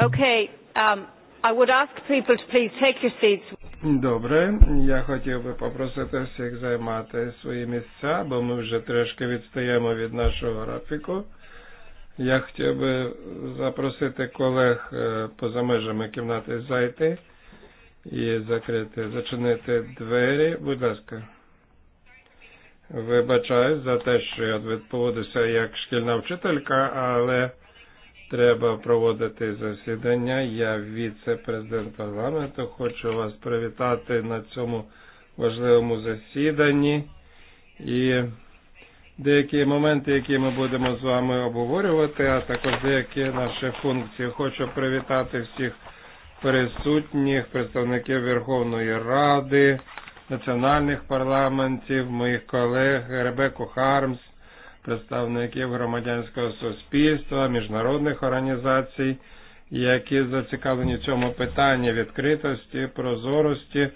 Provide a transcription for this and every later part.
Okay, um, I would ask people to please take your seats. Добре, я хотів би попросити всіх займати свої місця, бо ми вже трошки відстаємо від нашого графіку. Я хотів би запросити колег поза межами кімнати зайти і закрити, зачинити двері. Будь ласка. вибачаю за те, що я відповодився як шкільна вчителька, але Треба проводити засідання. Я віце-президент парламенту. Хочу вас привітати на цьому важливому засіданні. І деякі моменти, які ми будемо з вами обговорювати, а також деякі наші функції. Хочу привітати всіх присутніх, представників Верховної Ради, національних парламентів, моїх колег Ребеку Хармс, представників громадянського суспільства, міжнародних організацій, які зацікавлені в цьому питанні відкритості, прозорості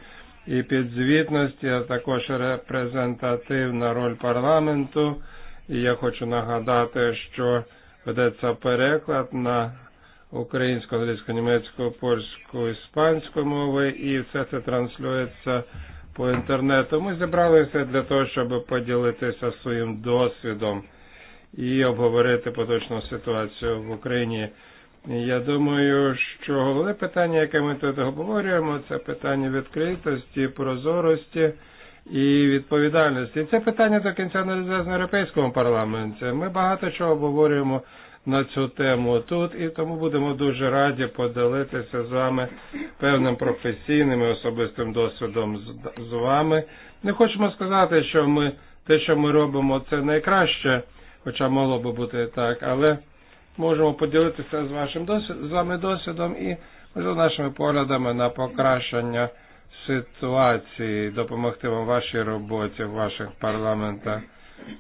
і підзвітності, а також репрезентативна роль парламенту. І я хочу нагадати, що ведеться переклад на українську, англійську, німецьку, польську, іспанську мови, і все це транслюється по інтернету. Ми зібралися для того, щоб поділитися своїм досвідом і обговорити поточну ситуацію в Україні. Я думаю, що головне питання, яке ми тут обговорюємо, це питання відкритості, прозорості і відповідальності. Це питання до кінця не в Європейському парламенті. Ми багато чого обговорюємо на цю тему тут, і тому будемо дуже раді поділитися з вами певним професійним і особистим досвідом з, з вами. Не хочемо сказати, що ми те, що ми робимо, це найкраще, хоча мало би бути так, але можемо поділитися з вашим досвід, з вами досвідом і за нашими поглядами на покращення ситуації, допомогти вам в вашій роботі, в ваших парламентах.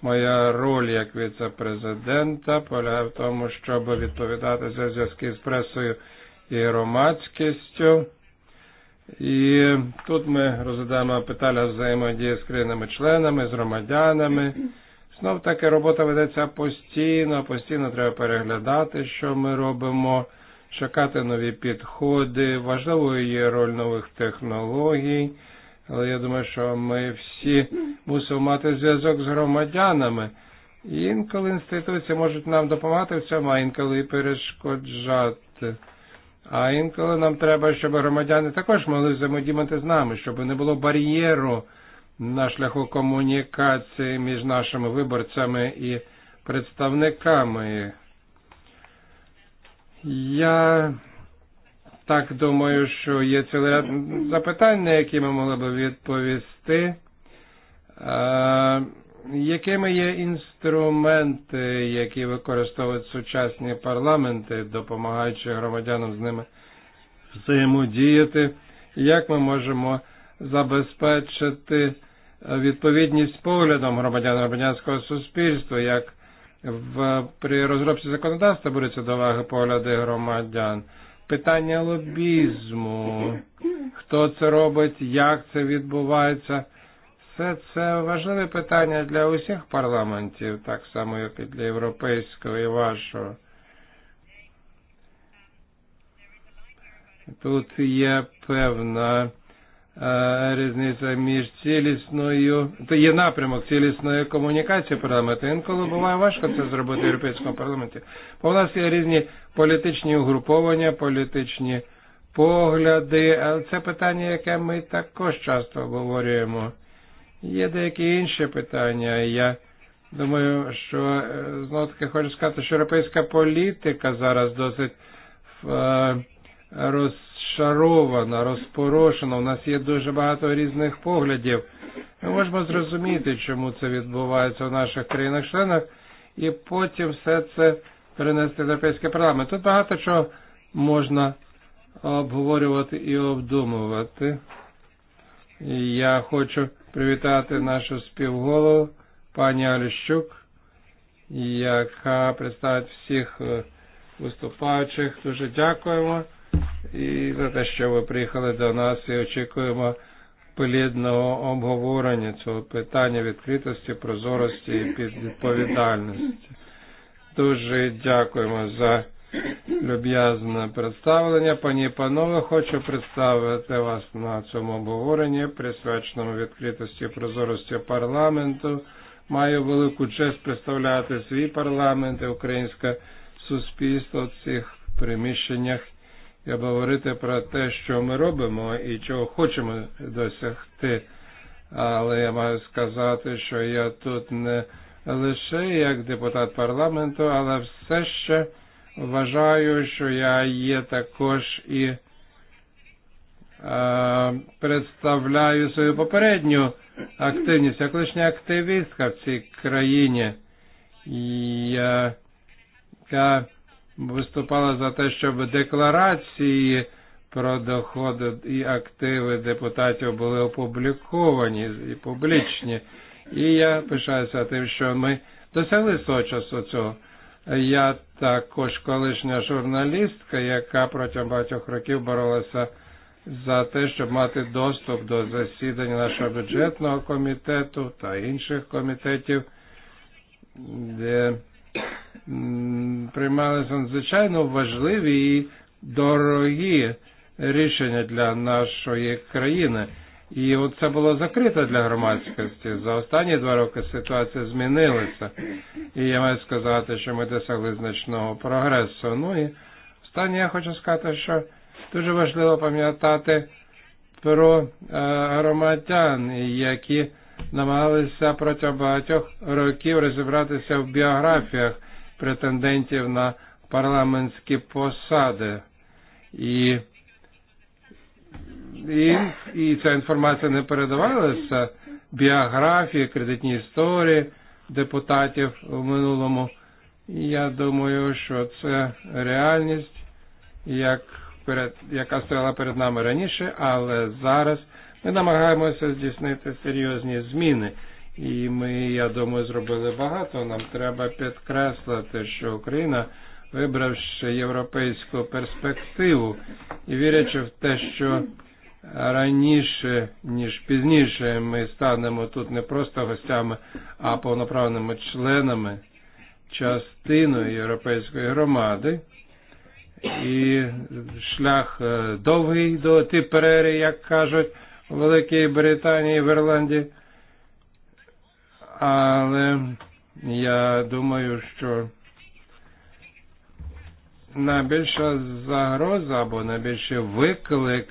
Моя роль як віце-президента полягає в тому, щоб відповідати за зв'язки з пресою і громадськістю. І тут ми розглядаємо питання взаємодії з країнами-членами, з громадянами. Знов таки робота ведеться постійно, постійно треба переглядати, що ми робимо, шукати нові підходи, важливою є роль нових технологій – Але я думаю, що ми всі мусимо мати зв'язок з громадянами. І інколи інституції можуть нам допомагати в цьому, а інколи і перешкоджати. А інколи нам треба, щоб громадяни також могли взаємодіяти з нами, щоб не було бар'єру на шляху комунікації між нашими виборцями і представниками. Я так думаю, що є цілий ряд на які ми могли б відповісти. Якими є інструменти, які використовують сучасні парламенти, допомагаючи громадянам з ними взаємодіяти? Як ми можемо забезпечити відповідність поглядам громадян громадянського суспільства, як в, при розробці законодавства беруться до уваги погляди громадян? питання лобізму, хто це робить, як це відбувається. Все це важливе питання для усіх парламентів, так само як і для європейського і вашого. Тут є певна різниця між цілісною, то є напрямок цілісної комунікації парламенту. Інколи буває важко це зробити в Європейському парламенті. Бо в нас є різні політичні угруповання, політичні погляди, але це питання, яке ми також часто обговорюємо. Є деякі інші питання. Я думаю, що знову таки хочу сказати, що європейська політика зараз досить в, роз розшарована, розпорошена, у нас є дуже багато різних поглядів. Ми можемо зрозуміти, чому це відбувається в наших країнах-членах, і потім все це перенести в Європейський парламент. Тут багато чого можна обговорювати і обдумувати. І я хочу привітати нашу співголову, пані Аліщук, яка представить всіх виступаючих. Дуже дякуємо і за те, що ви приїхали до нас і очікуємо плідного обговорення цього питання відкритості, прозорості і відповідальності. Дуже дякуємо за люб'язне представлення. Пані і панове, хочу представити вас на цьому обговоренні, присвяченому відкритості і прозорості парламенту. Маю велику честь представляти свій парламент і українське суспільство в цих приміщеннях і говорити про те, що ми робимо і чого хочемо досягти. Але я маю сказати, що я тут не лише як депутат парламенту, але все ще вважаю, що я є також і представляю свою попередню активність, Як лишня активістка в цій країні, яка виступала за те, щоб декларації про доходи і активи депутатів були опубліковані і публічні. І я пишаюся тим, що ми досягли свого часу цього. Я також колишня журналістка, яка протягом багатьох років боролася за те, щоб мати доступ до засідань нашого бюджетного комітету та інших комітетів, де приймалися надзвичайно важливі і дорогі рішення для нашої країни. І от це було закрито для громадськості. За останні два роки ситуація змінилася. І я маю сказати, що ми досягли значного прогресу. Ну і останнє я хочу сказати, що дуже важливо пам'ятати про e, громадян, які намагалися протягом багатьох років розібратися в біографіях претендентів на парламентські посади. І, і, і ця інформація не передавалася, біографії, кредитні історії депутатів у минулому. Я думаю, що це реальність, як перед, яка стояла перед нами раніше, але зараз ми намагаємося здійснити серйозні зміни. І ми, я думаю, зробили багато. Нам треба підкреслити, що Україна, вибравши європейську перспективу і вірячи в те, що раніше, ніж пізніше, ми станемо тут не просто гостями, а повноправними членами, частиною європейської громади. І шлях довгий до тепери, як кажуть, у Великій Британії, в Ірландії – але я думаю, що найбільша загроза або найбільший виклик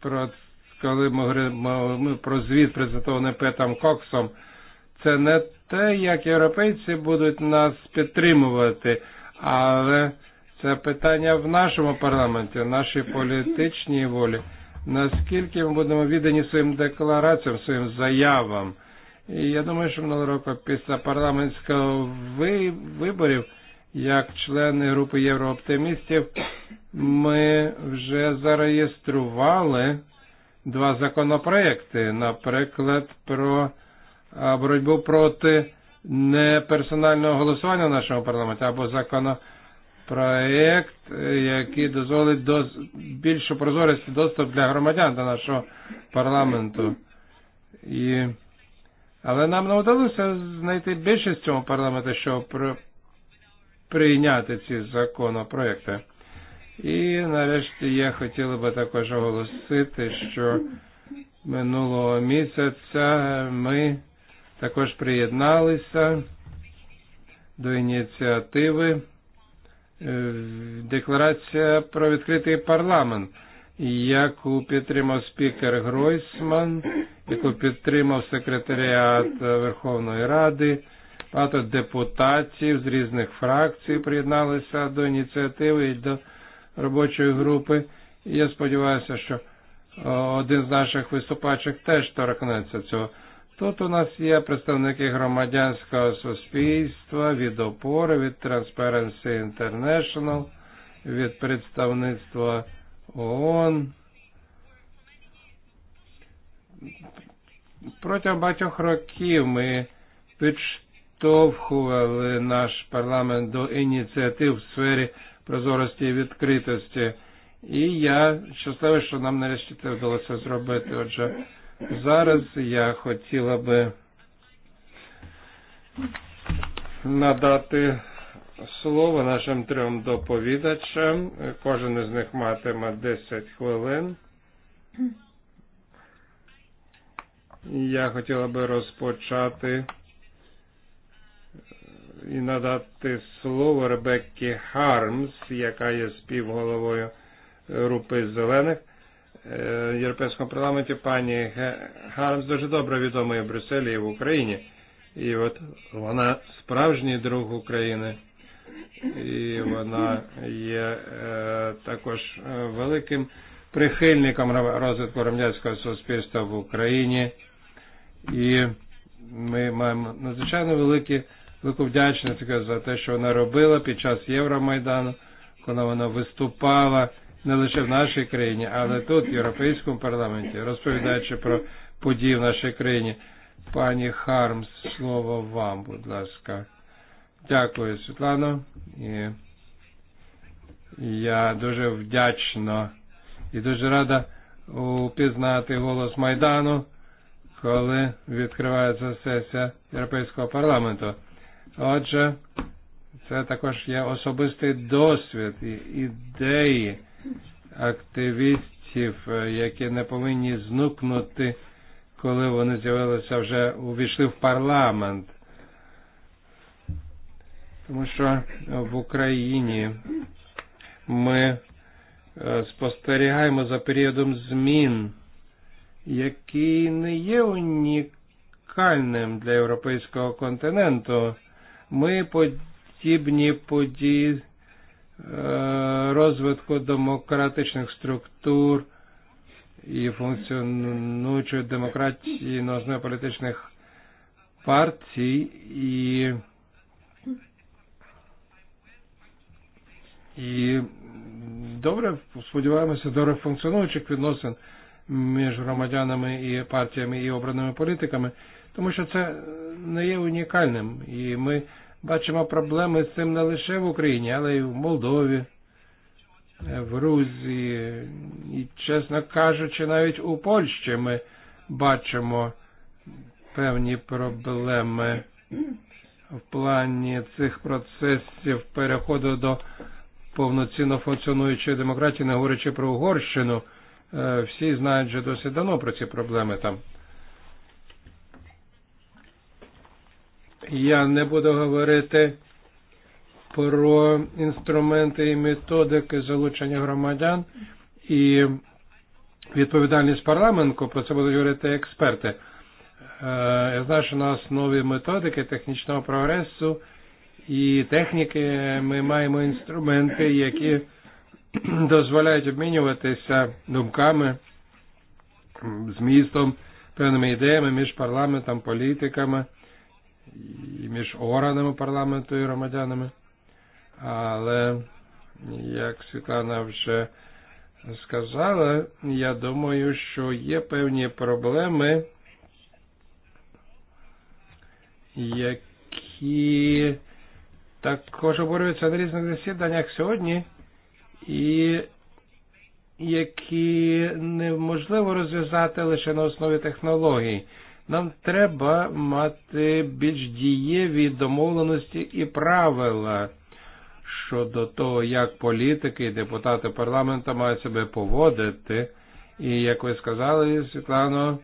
про коли ми говоримо про звіт презентований Петом Коксом, це не те, як європейці будуть нас підтримувати, але це питання в нашому парламенті, в нашій політичній волі наскільки ми будемо віддані своїм деклараціям, своїм заявам. І я думаю, що минулого року після парламентського виборів, як члени групи єврооптимістів, ми вже зареєстрували два законопроекти, наприклад, про боротьбу проти неперсонального голосування в нашому парламенті або законопроекту проект, який дозволить до більшу прозорості доступ для громадян до нашого парламенту. І... Але нам не вдалося знайти більшість цього парламенту, щоб при... прийняти ці законопроекти. І нарешті я хотіла би також оголосити, що минулого місяця ми також приєдналися до ініціативи декларація про відкритий парламент, яку підтримав спікер Гройсман, яку підтримав секретаріат Верховної Ради. Багато депутатів з різних фракцій приєдналися до ініціативи і до робочої групи. І я сподіваюся, що один з наших виступачих теж торкнеться цього. Тут у нас є представники громадянського суспільства від опори, від Transparency International, від представництва ООН. Протягом багатьох років ми підштовхували наш парламент до ініціатив в сфері прозорості і відкритості. І я щасливий, що нам нарешті це вдалося зробити. Отже, Зараз я хотіла би надати слово нашим трьом доповідачам. Кожен із них матиме 10 хвилин. Я хотіла би розпочати і надати слово Ребеккі Хармс, яка є співголовою групи зелених. Європейському парламенті пані Хармс дуже добре відома в Брюсселі, і в Україні. І от вона справжній друг України. І вона є також великим прихильником розвитку громадянського суспільства в Україні. І ми маємо надзвичайно великі велику вдячність за те, що вона робила під час Євромайдану, коли вона виступала не лише в нашій країні, але тут, в Європейському парламенті, розповідаючи про події в нашій країні. Пані Хармс, слово вам, будь ласка. Дякую, Світлано. І я дуже вдячна і дуже рада упізнати голос Майдану, коли відкривається сесія Європейського парламенту. Отже, це також є особистий досвід і ідеї активістів, які не повинні знукнути, коли вони з'явилися вже увійшли в парламент. Тому що в Україні ми спостерігаємо за періодом змін, який не є унікальним для європейського континенту. Ми подібні події розвитку демократичних структур і функціонуючої демократії на політичних партій і, і добре сподіваємося до функціонуючих відносин між громадянами і партіями і обраними політиками, тому що це не є унікальним. І ми бачимо проблеми з цим не лише в Україні, але й в Молдові, в Грузії, і, чесно кажучи, навіть у Польщі ми бачимо певні проблеми в плані цих процесів переходу до повноцінно функціонуючої демократії, не говорячи про Угорщину. Всі знають що досить давно про ці проблеми там. Я не буду говорити про інструменти і методики залучення громадян і відповідальність парламенту, про це будуть говорити експерти. Я знаю, що у нас нові методики технічного прогресу і техніки. Ми маємо інструменти, які дозволяють обмінюватися думками, змістом, певними ідеями між парламентом, політиками – і між органами парламенту і громадянами. Але, як Світлана вже сказала, я думаю, що є певні проблеми, які також обурюються на різних засіданнях сьогодні, і які неможливо розв'язати лише на основі технологій. Нам треба мати більш дієві домовленості і правила щодо того, як політики і депутати парламенту мають себе поводити. І як ви сказали, Світлано,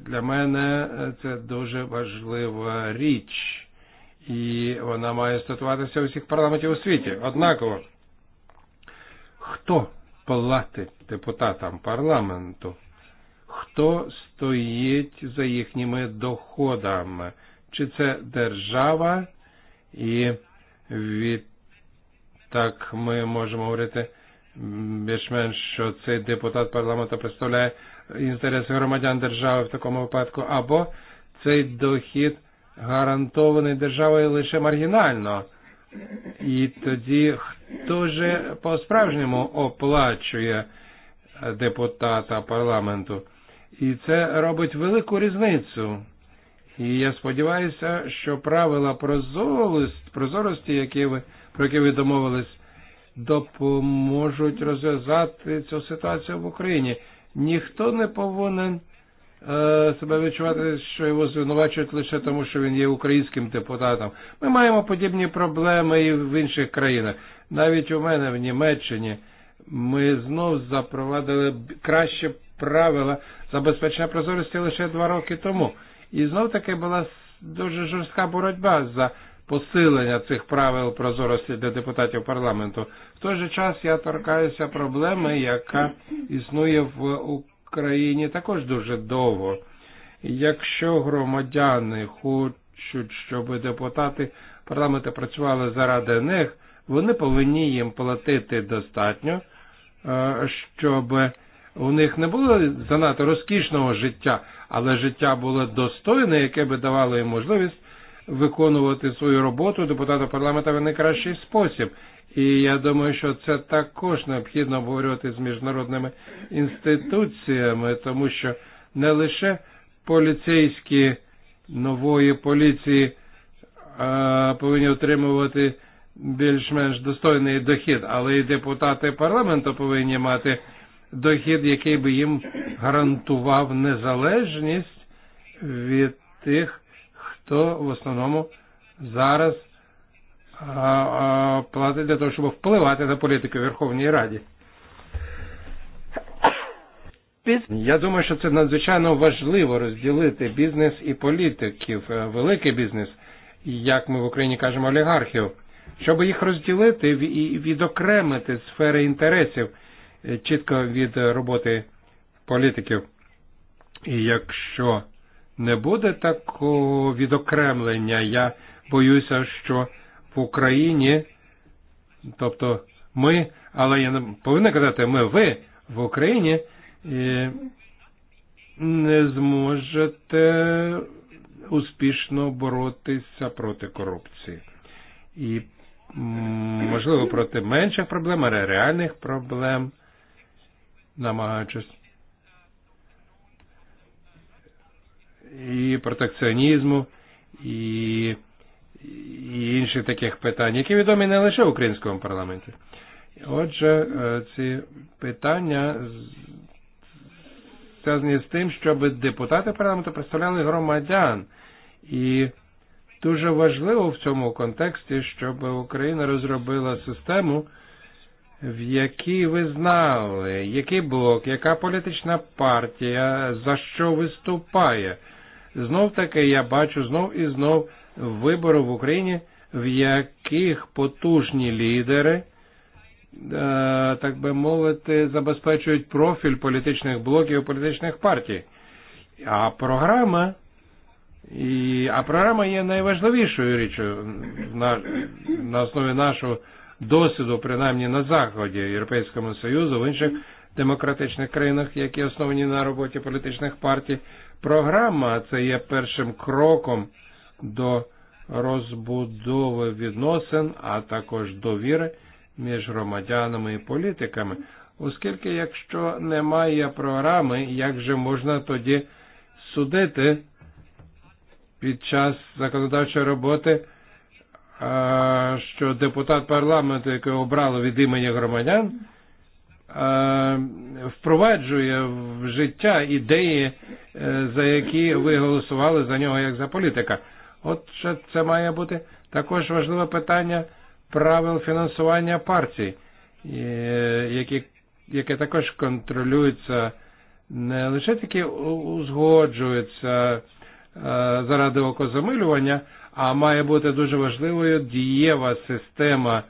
для мене це дуже важлива річ. І вона має статуватися у всіх парламентів у світі. Однаково, хто платить депутатам парламенту? хто стоїть за їхніми доходами, чи це держава, і від так ми можемо говорити більш-менш, що цей депутат парламенту представляє інтереси громадян держави в такому випадку, або цей дохід гарантований державою лише маргінально. І тоді хто же по-справжньому оплачує депутата парламенту? І це робить велику різницю. І я сподіваюся, що правила прозорості, прозорості які ви, про які ви домовились, допоможуть розв'язати цю ситуацію в Україні. Ніхто не повинен себе відчувати, що його звинувачують лише тому, що він є українським депутатом. Ми маємо подібні проблеми і в інших країнах. Навіть у мене в Німеччині ми знов запровадили краще правила забезпечення прозорості лише два роки тому. І знов таки була дуже жорстка боротьба за посилення цих правил прозорості для депутатів парламенту. В той же час я торкаюся проблеми, яка існує в Україні також дуже довго. Якщо громадяни хочуть, щоб депутати парламенту працювали заради них, вони повинні їм платити достатньо, щоб У них не було занадто розкішного життя, але життя було достойне, яке би давало їм можливість виконувати свою роботу депутата парламента в найкращий спосіб. І я думаю, що це також необхідно обговорювати з міжнародними інституціями, тому що не лише поліцейські нової поліції а, повинні отримувати більш-менш достойний дохід, але і депутати парламенту повинні мати дохід, який би їм гарантував незалежність від тих, хто в основному зараз платить для того, щоб впливати на політику Верховній Раді. Я думаю, що це надзвичайно важливо розділити бізнес і політиків, великий бізнес, як ми в Україні кажемо, олігархів, щоб їх розділити і відокремити сфери інтересів – чітко від роботи політиків. І якщо не буде такого відокремлення, я боюся, що в Україні, тобто ми, але я не повинен казати, ми ви в Україні не зможете успішно боротися проти корупції. І можливо проти менших проблем, але реальних проблем намагаючись і протекціонізму, і, і інших таких питань, які відомі не лише в українському парламенті. Отже, ці питання зв'язані з тим, щоб депутати парламенту представляли громадян. І дуже важливо в цьому контексті, щоб Україна розробила систему, в які ви знали, який блок, яка політична партія, за що виступає. Знов таки я бачу знов і знов вибори в Україні, в яких потужні лідери, так би мовити, забезпечують профіль політичних блоків, політичних партій. А програма і, а програма є найважливішою річчю на, на основі нашого досвіду, принаймні на Заході Європейському Союзу, в інших демократичних країнах, які основані на роботі політичних партій. Програма це є першим кроком до розбудови відносин, а також довіри між громадянами і політиками. Оскільки якщо немає програми, як же можна тоді судити під час законодавчої роботи що депутат парламенту, який обрали від імені громадян, впроваджує в життя ідеї, за які ви голосували за нього як за політика. От що це має бути також важливе питання правил фінансування партій, які, яке також контролюється не лише таки узгоджується заради окозамилювання, а має бути дуже важливою дієва система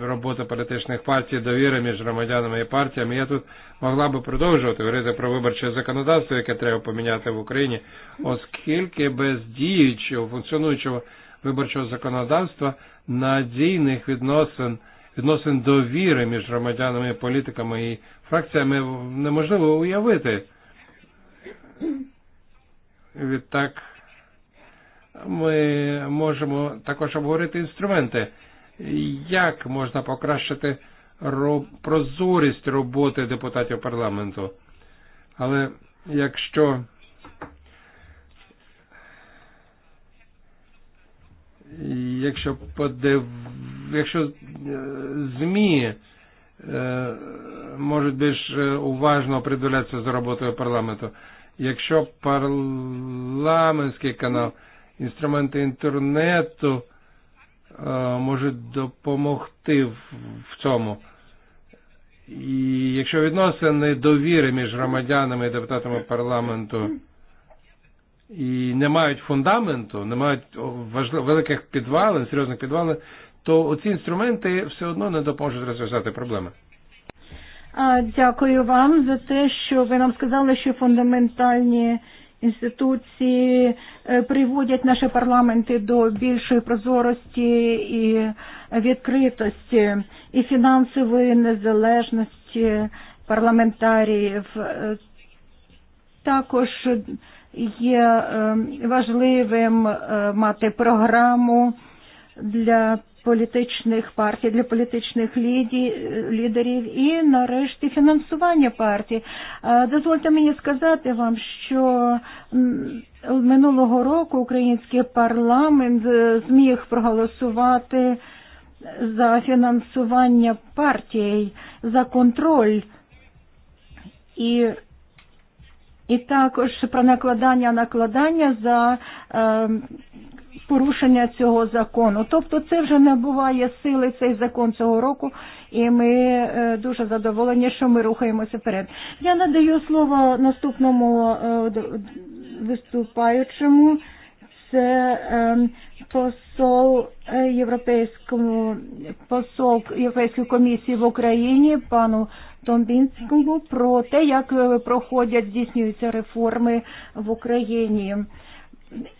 роботи політичних партій, довіри між громадянами і партіями. Я тут могла би продовжувати говорити про виборче законодавство, яке треба поміняти в Україні, оскільки без діючого, функціонуючого виборчого законодавства надійних відносин відносин довіри між громадянами, політиками і фракціями неможливо уявити. Відтак ми можемо також обговорити інструменти, як можна покращити прозорість роботи депутатів парламенту. Але якщо якщо подив, якщо ЗМІ можуть більш уважно придивлятися за роботою парламенту, якщо парламентський канал mm інструменти інтернету можуть допомогти в цьому. І якщо відносини довіри між громадянами і депутатами парламенту і не мають фундаменту, не мають великих підвалин, серйозних підвалин, то ці інструменти все одно не допоможуть розв'язати проблеми. Дякую вам за те, що ви нам сказали, що фундаментальні інституції э, приводять наші парламенти до більшої прозорості і відкритості, і фінансової незалежності парламентариев. Э, також є важливим мати програму для політичних партій, для політичних лідерів і, нарешті, фінансування партій. Дозвольте мені сказати вам, що минулого року український парламент зміг проголосувати за фінансування партій, за контроль і і також про накладання накладання за е, порушення цього закону. Тобто це вже набуває сили цей закон цього року, і ми дуже задоволені, що ми рухаємося вперед. Я надаю слово наступному виступаючому. Це посол Європейському посол Європейської комісії в Україні пану Томбінському про те, як проходять здійснюються реформи в Україні.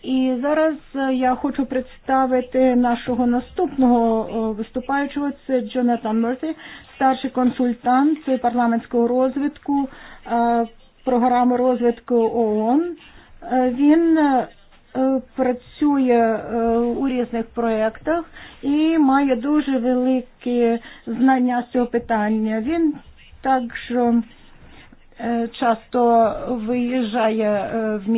І зараз я хочу представити нашого наступного виступаючого. Це Джонатан Мерфі, старший консультант парламентського розвитку програми розвитку ООН. Він працює у різних проєктах і має дуже великі знання з цього питання. Він також часто виїжджає в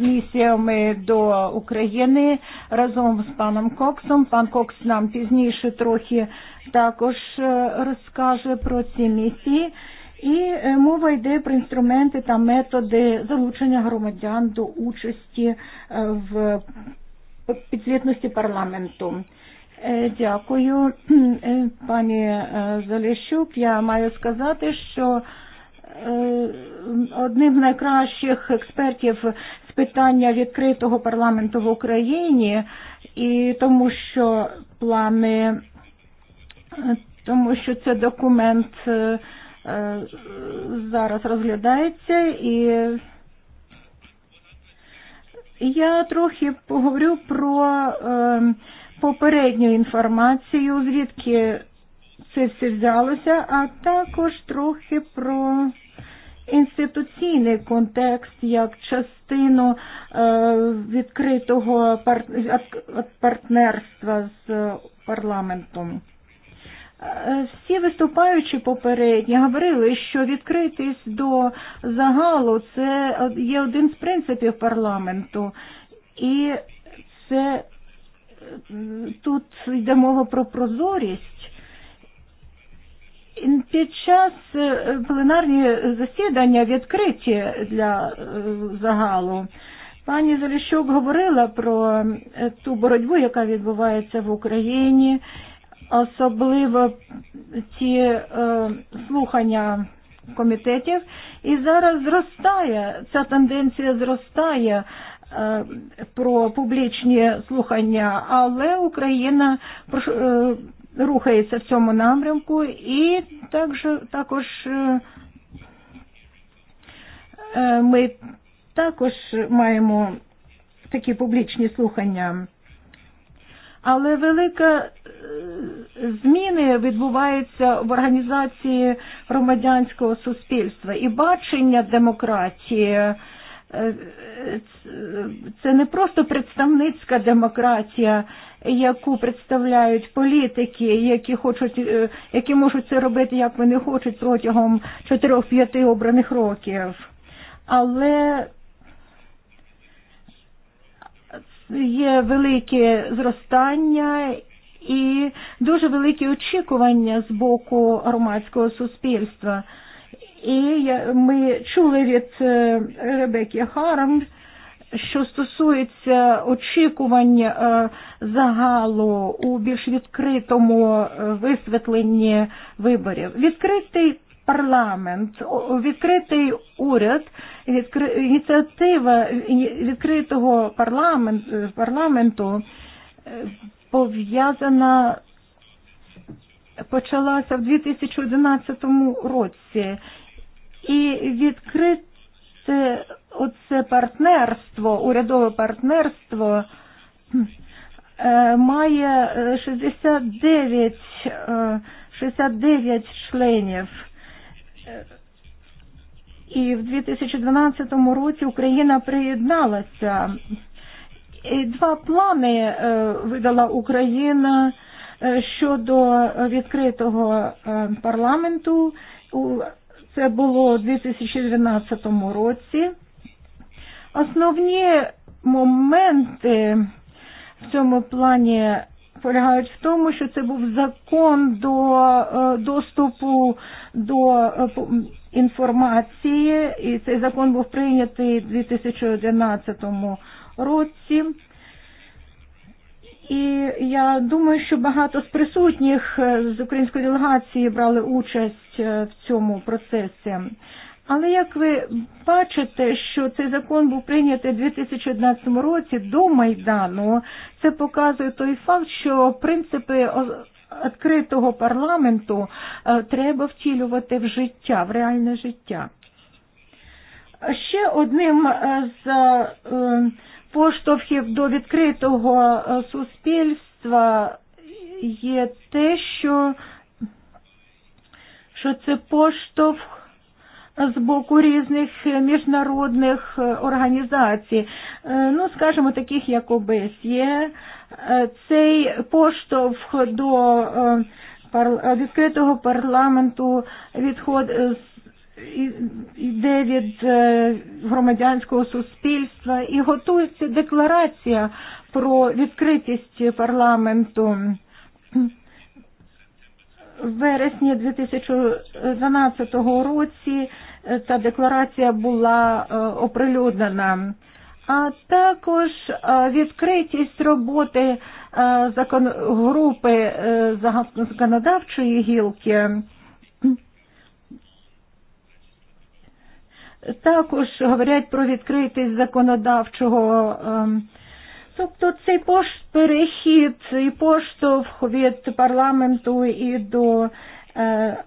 місіями до України разом з паном Коксом. Пан Кокс нам пізніше трохи також розкаже про ці місії. І мова йде про інструменти та методи залучення громадян до участі в підзвітності парламенту. Дякую, пані Заліщук. Я маю сказати, що одним з найкращих експертів з питання відкритого парламенту в Україні, і тому що плани, тому що це документ зараз розглядається і я трохи поговорю про е, попередню інформацію, звідки це все взялося, а також трохи про інституційний контекст як частину відкритого партнерства з парламентом. Всі виступаючі попередні говорили, що відкритість до загалу це є один з принципів парламенту, і це тут йде мова про прозорість Під час э, пленарні засідання відкриті для э, загалу. Пані Заліщук говорила про ту боротьбу, яка відбувається в Україні, особливо ті е, слухання комітетів. І зараз зростає, ця тенденція зростає е, про публічні слухання, але Україна е, рухається в цьому напрямку і також, також ми також маємо такі публічні слухання. Але велика зміни відбуваються в організації громадянського суспільства і бачення демократії це не просто представницька демократія, яку представляють політики, які хочуть, які можуть це робити, як вони хочуть протягом 4-5 обраних років. Але є велике зростання і дуже великі очікування з боку громадського суспільства. І ми чули від Ребекки Харам, що стосується очікувань загалу у більш відкритому висвітленні виборів. Відкритий парламент, відкритий уряд, ініціатива відкритого парламенту парламенту пов'язана почалася в 2011 році. І відкрит Оце, оце партнерство, урядове партнерство має 69, 69 членів. І в 2012 році Україна приєдналася. І два плани видала Україна щодо відкритого парламенту Це було у 2012 році. Основні моменти в цьому плані полягають в тому, що це був закон до доступу до інформації, і цей закон був прийнятий у 2011 році. І я думаю, що багато з присутніх з української делегації брали участь в цьому процесі. Але як ви бачите, що цей закон був прийнятий у 2011 році до Майдану, це показує той факт, що принципи відкритого парламенту треба втілювати в життя, в реальне життя. Ще одним з поштовхів до відкритого суспільства є те, що, що це поштовх з боку різних міжнародних організацій, ну, скажімо, таких як ОБСЄ, цей поштовх до відкритого парламенту відход з йде э, від громадянського суспільства і готується декларація про відкритість парламенту. В вересні 2012 році та декларація була оприлюднена. А також відкритість роботи групи законодавчої гілки також говорять про відкритість законодавчого. Тобто цей пошт перехід і поштовх від парламенту і до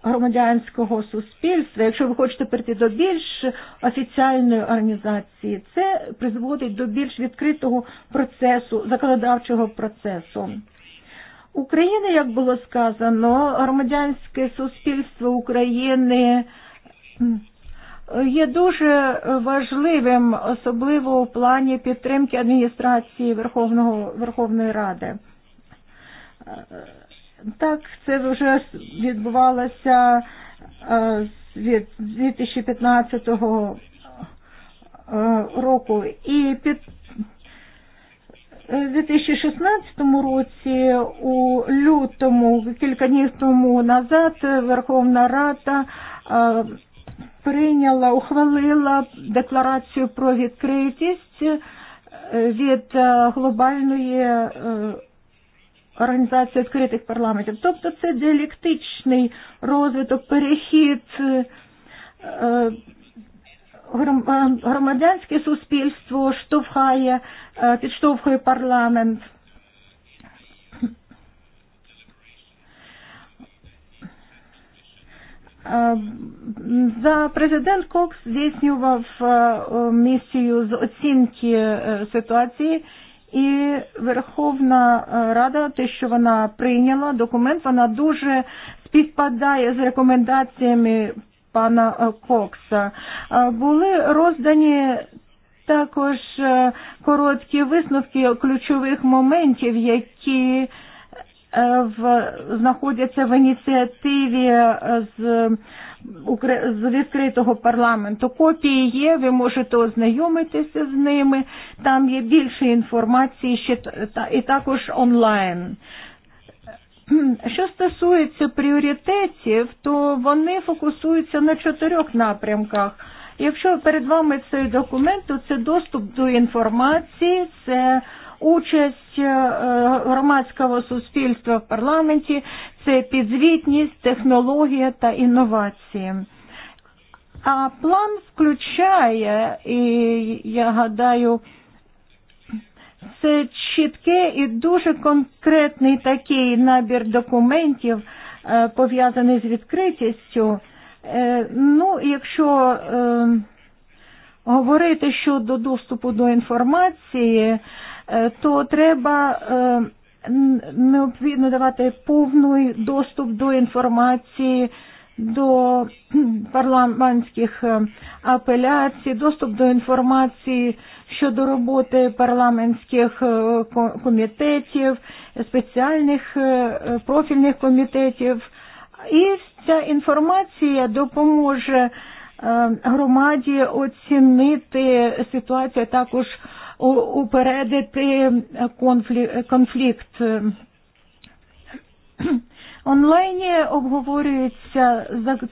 громадянського суспільства, якщо ви хочете перейти до більш офіціальної організації, це призводить до більш відкритого процесу, законодавчого процесу. України, як було сказано, громадянське суспільство України є дуже важливим, особливо в плані підтримки адміністрації Верховного, Верховної Ради. Так, це вже відбувалося від 2015 року. І під 2016 році у лютому, кілька днів тому назад, Верховна Рада прийняла, ухвалила декларацію про відкритість від глобальної організації відкритих парламентів. Тобто це діалектичний розвиток, перехід громадянське суспільство штовхає, підштовхує парламент – Да, президент Кокс здійснював місію з оцінки ситуації, і Верховна Рада, те, що вона прийняла документ, вона дуже співпадає з рекомендаціями пана Кокса. Були роздані також короткі висновки ключових моментів, які в, знаходяться в ініціативі з, з відкритого парламенту. Копії є, ви можете ознайомитися з ними. Там є більше інформації ще, та, і також онлайн. Що стосується пріоритетів, то вони фокусуються на чотирьох напрямках. Якщо перед вами цей документ, то це доступ до інформації, це участь э, громадського суспільства в парламенті це підзвітність, технологія та інновації. А план включає, і я гадаю, це чіткий і дуже конкретний такий набір документів, пов'язаний з відкритістю. Ну, якщо говорити щодо доступу до інформації, то треба необхідно давати повний доступ до інформації, до парламентських апеляцій, доступ до інформації щодо роботи парламентських комітетів, спеціальних профільних комітетів. І ця інформація допоможе громаді оцінити ситуацію також упередити конфлікт. Онлайні обговорюється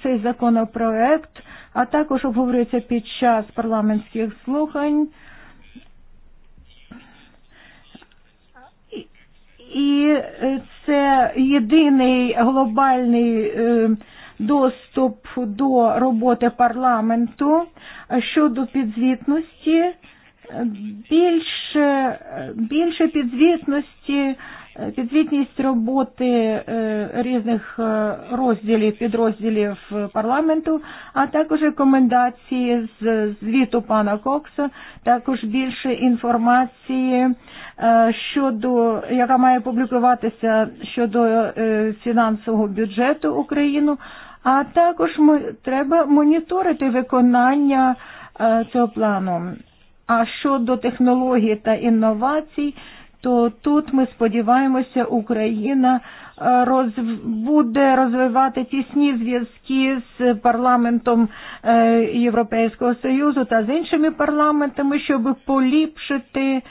цей законопроект, а також обговорюється під час парламентських слухань. І це єдиний глобальний доступ до роботи парламенту щодо підзвітності більше, більше підзвітності, підзвітність роботи різних розділів, підрозділів парламенту, а також рекомендації з звіту пана Кокса, також більше інформації щодо, яка має публікуватися щодо фінансового бюджету України, а також треба моніторити виконання цього плану. А щодо технологій та інновацій, то тут ми сподіваємося, Україна роз... буде розвивати тісні зв'язки з парламентом Європейського Союзу та з іншими парламентами, щоб поліпшити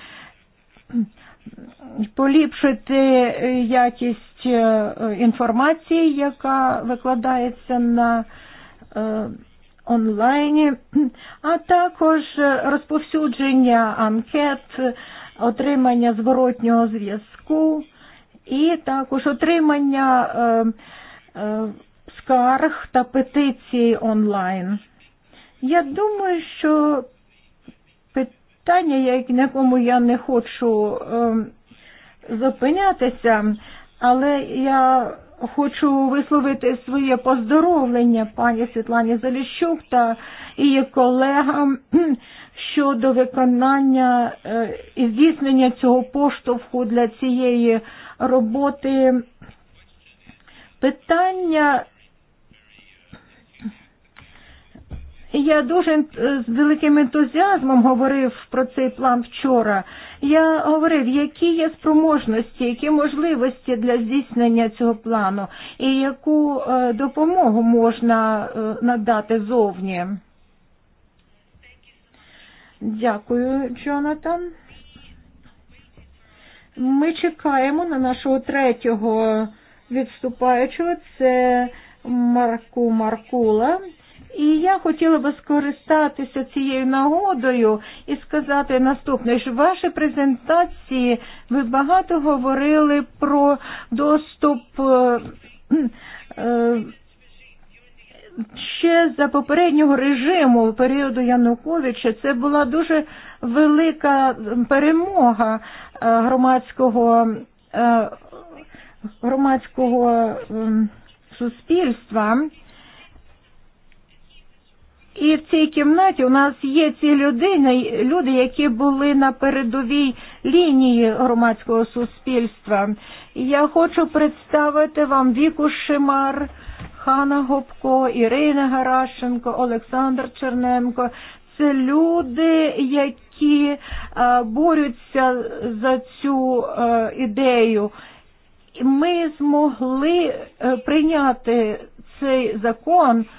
поліпшити якість інформації, яка викладається на онлайне, а також розповсюдження анкет, отримання зворотнього зв'язку і також отримання е, е, скарг та петицій онлайн. Я думаю, що питання, як на якому я не хочу е, зупинятися, але я Хочу висловити своє поздоровлення пані Світлані Заліщук та її колегам щодо виконання і здійснення цього поштовху для цієї роботи. Питання Я дуже з великим ентузіазмом говорив про цей план вчора. Я говорив, які є спроможності, які можливості для здійснення цього плану і яку допомогу можна надати зовні. Дякую, Джонатан. Ми чекаємо на нашого третього відступаючого, це Марку Маркула. І я хотіла би скористатися цією нагодою і сказати наступне, що ваші презентації ви багато говорили про доступ ще за попереднього режиму періоду Януковича це була дуже велика перемога громадського громадського суспільства. І в цій кімнаті у нас є ці людини, люди, які були на передовій лінії громадського суспільства. Я хочу представити вам Віку Шимар, Хана Гопко, Ірина Гарашенко, Олександр Черненко. Це люди, які борються за цю ідею. Ми змогли прийняти цей закон –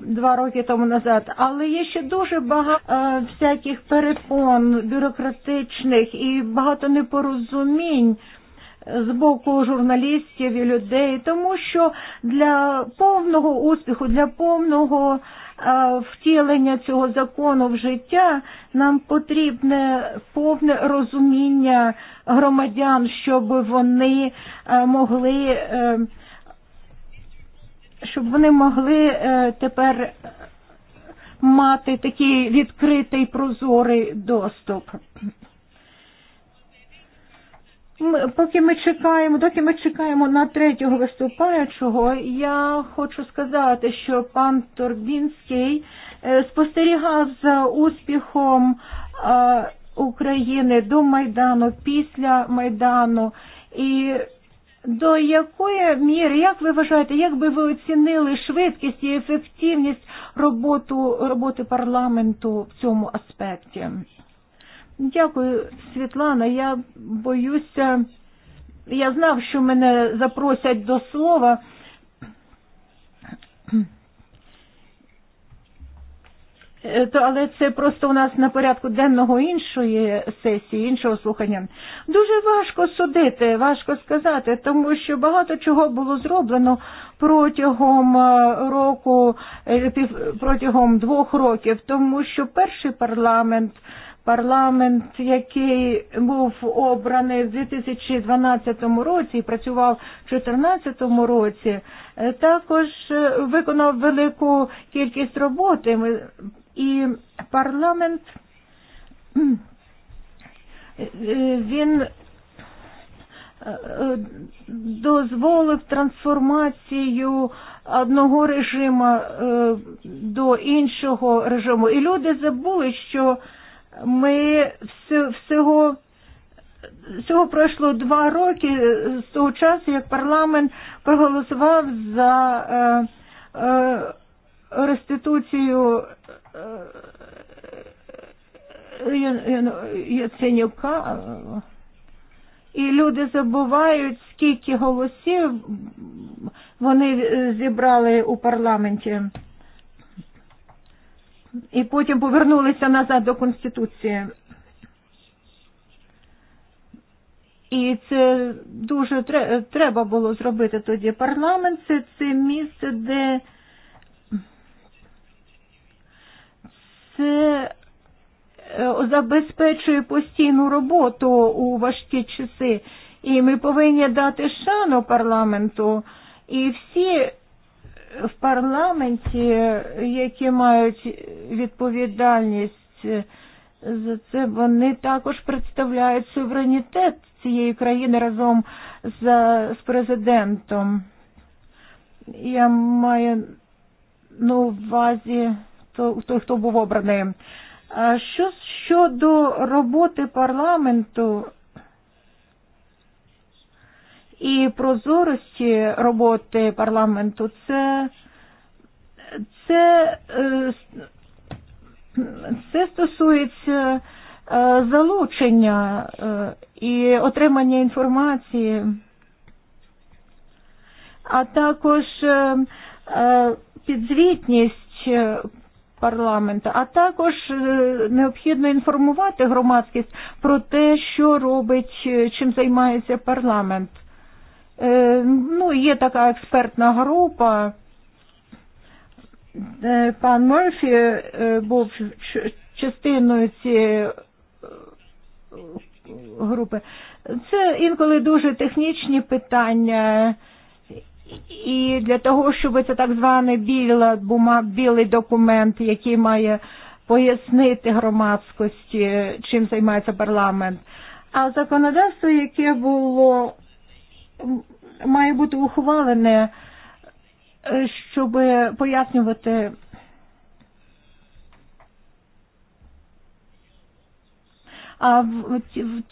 два роки тому назад, але є ще дуже багато е, всяких перепон бюрократичних і багато непорозумінь з боку журналістів і людей, тому що для повного успіху, для повного е, втілення цього закону в життя нам потрібне повне розуміння громадян, щоб вони е, могли. Е, щоб вони могли тепер мати такий відкритий прозорий доступ. Ми, поки ми чекаємо, доки ми чекаємо на третього виступаючого, я хочу сказати, що пан Торбінський спостерігав за успіхом України до Майдану, після Майдану, і До якої міри, як ви вважаєте, як би ви оцінили швидкість і ефективність роботу, роботи парламенту в цьому аспекті? Дякую, Світлана. Я боюся, я знав, що мене запросять до слова то, але це просто у нас на порядку денного іншої сесії, іншого слухання. Дуже важко судити, важко сказати, тому що багато чого було зроблено протягом року, протягом двох років, тому що перший парламент парламент, який був обраний в 2012 році і працював в 2014 році, також виконав велику кількість роботи. Ми І парламент він дозволив трансформацію одного режиму до іншого режиму. І люди забули, що ми всього Всього пройшло два роки з того часу, як парламент проголосував за реституцію Яценюка. І люди забувають, скільки голосів вони зібрали у парламенті. І потім повернулися назад до Конституції. І це дуже треба було зробити тоді. Парламент це, це місце, де це забезпечує постійну роботу у важкі часи. І ми повинні дати шану парламенту. І всі в парламенті, які мають відповідальність за це, вони також представляють суверенітет цієї країни разом з, з президентом. Я маю на увазі той, хто був обраний. А що щодо роботи парламенту і прозорості роботи парламенту, це, це, це стосується залучення і отримання інформації, а також підзвітність парламента, а також необхідно інформувати громадськість про те, що робить, чим займається парламент. Ну, є така експертна група. Пан Мерфі був частиною цієї групи. Це інколи дуже технічні питання І для того, щоб це так зване біла бума, білий документ, який має пояснити громадськості, чим займається парламент. А законодавство, яке було має бути ухвалене, щоб пояснювати А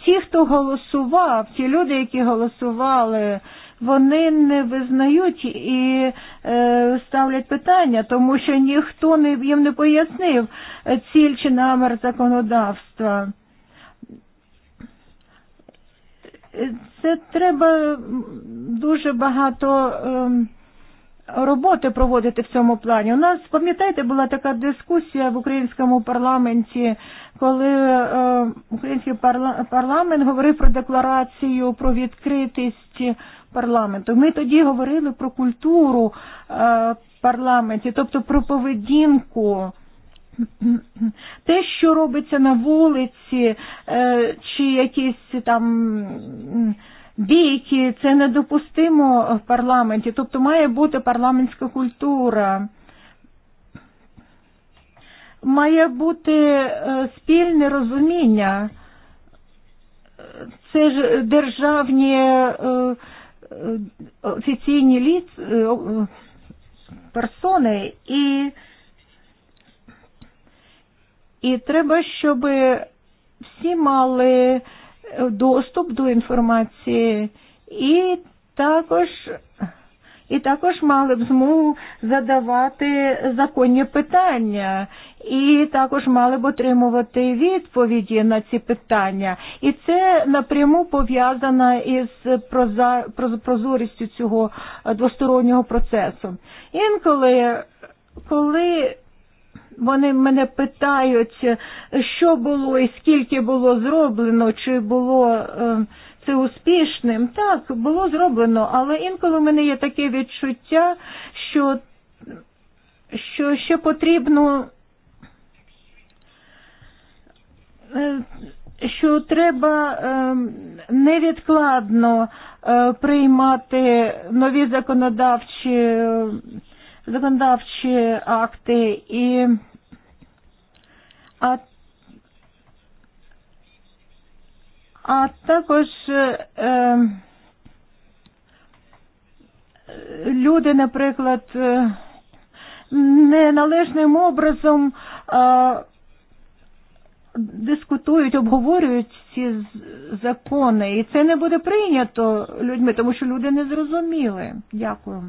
ті, хто голосував, ті люди, які голосували, вони не визнають і е, ставлять питання, тому що ніхто не, їм не пояснив ціль чи намір законодавства. Це треба дуже багато. Е, роботи проводити в цьому плані. У нас, пам'ятаєте, була така дискусія в українському парламенті, коли е, український парла парламент говорив про декларацію про відкритість парламенту. Ми тоді говорили про культуру парламенті, тобто про поведінку. Те, що робиться на вулиці, чи якісь там бійки, це недопустимо в парламенті. Тобто має бути парламентська культура. Має бути спільне розуміння. Це ж державні офіційні ліц, э, персони і, і треба, щоб всі мали э, доступ до інформації і також і також мали б змогу задавати законні питання. І також мали б отримувати відповіді на ці питання. І це напряму пов'язано із прозорістю цього двостороннього процесу. Інколи, коли вони мене питають, що було і скільки було зроблено, чи було це успішним. Так, було зроблено, але інколи в мене є таке відчуття, що, що ще потрібно. Що треба невідкладно приймати нові законодавчі, законодавчі акти і а а також люди, наприклад, неналежним образом дискутують, обговорюють ці закони, і це не буде прийнято людьми, тому що люди не зрозуміли. Дякую.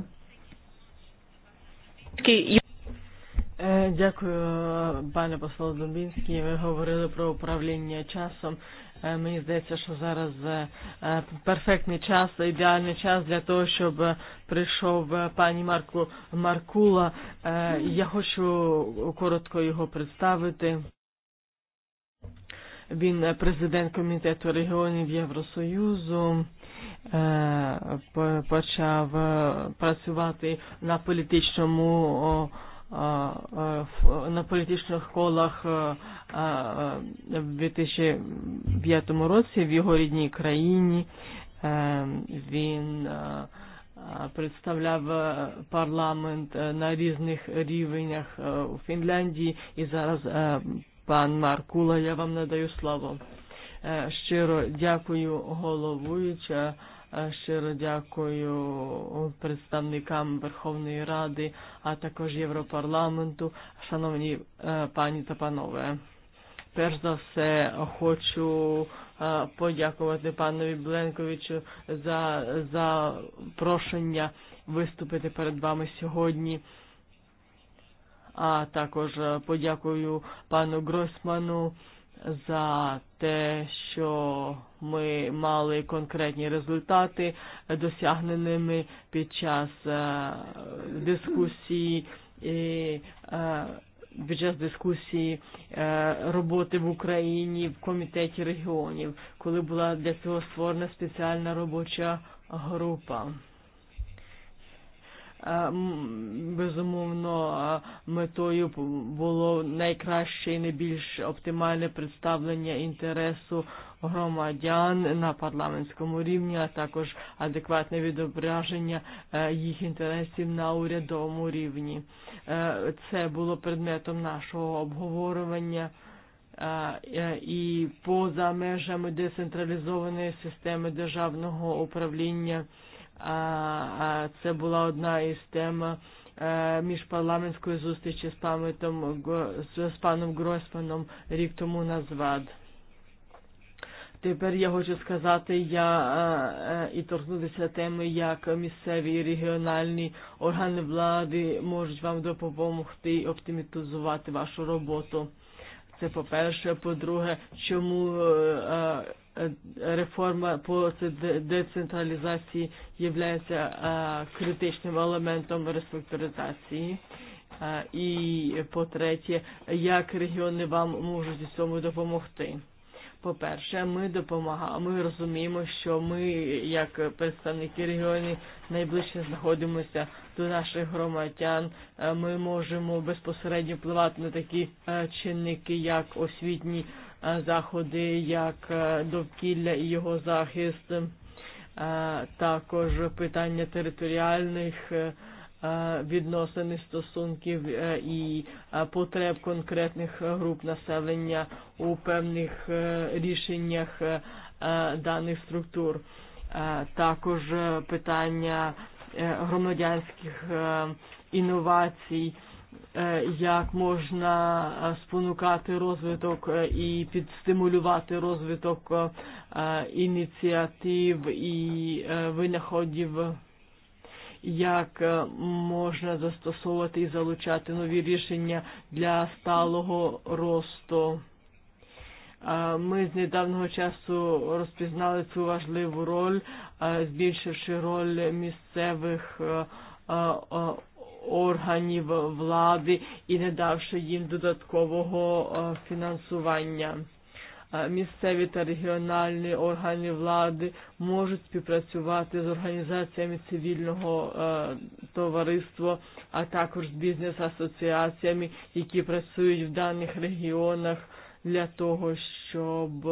Дякую, пане посол Дубінський. Ви говорили про управління часом. Мені здається, що зараз перфектний час, ідеальний час для того, щоб прийшов пані Марку Маркула. Я хочу коротко його представити. Він президент комітету регіонів Євросоюзу почав працювати на політичному на політичних колах в 2005 році в його рідній країні. Він представляв парламент на різних рівнях у Фінляндії і зараз пан Маркула, я вам надаю слово. Щиро дякую головуюча щиро дякую представникам Верховної Ради, а також Європарламенту, шановні пані та панове. Перш за все, хочу подякувати панові Бленковичу за, за прошення виступити перед вами сьогодні. А також подякую пану Гросману за те, що ми мали конкретні результати, досягненими під час дискусії і під час дискусії роботи в Україні в комітеті регіонів, коли була для цього створена спеціальна робоча група безумовно, метою було найкраще і найбільш оптимальне представлення інтересу громадян на парламентському рівні, а також адекватне відображення їх інтересів на урядовому рівні. Це було предметом нашого обговорювання і поза межами децентралізованої системи державного управління а це була одна із тем міжпарламентської зустрічі з пам'ятом з паном Гройсманом рік тому назвад. Тепер я хочу сказати, я і торкнутися теми, як місцеві і регіональні органи влади можуть вам допомогти оптимізувати вашу роботу. Це по-перше, по-друге, чому reforma по decentralizaciji является критичным элементом реструктуризації. І по-третє, як регіони вам можуть у цьому допомогти? По-перше, ми допомагаємо, ми розуміємо, що ми, як представники регіонів, найближче знаходимося до наших громадян. Ми можемо безпосередньо впливати на такі чинники, як освітній заходи, як довкілля і його захист, також питання територіальних відносин і стосунків і потреб конкретних груп населення у певних рішеннях даних структур. Також питання громадянських інновацій як можна спонукати розвиток і підстимулювати розвиток ініціатив і винаходів, як можна застосовувати і залучати нові рішення для сталого росту. Ми з недавнього часу розпізнали цю важливу роль, збільшивши роль місцевих органів влади і не давши їм додаткового фінансування. Місцеві та регіональні органи влади можуть співпрацювати з організаціями цивільного товариства, а також з бізнес-асоціаціями, які працюють в даних регіонах для того, щоб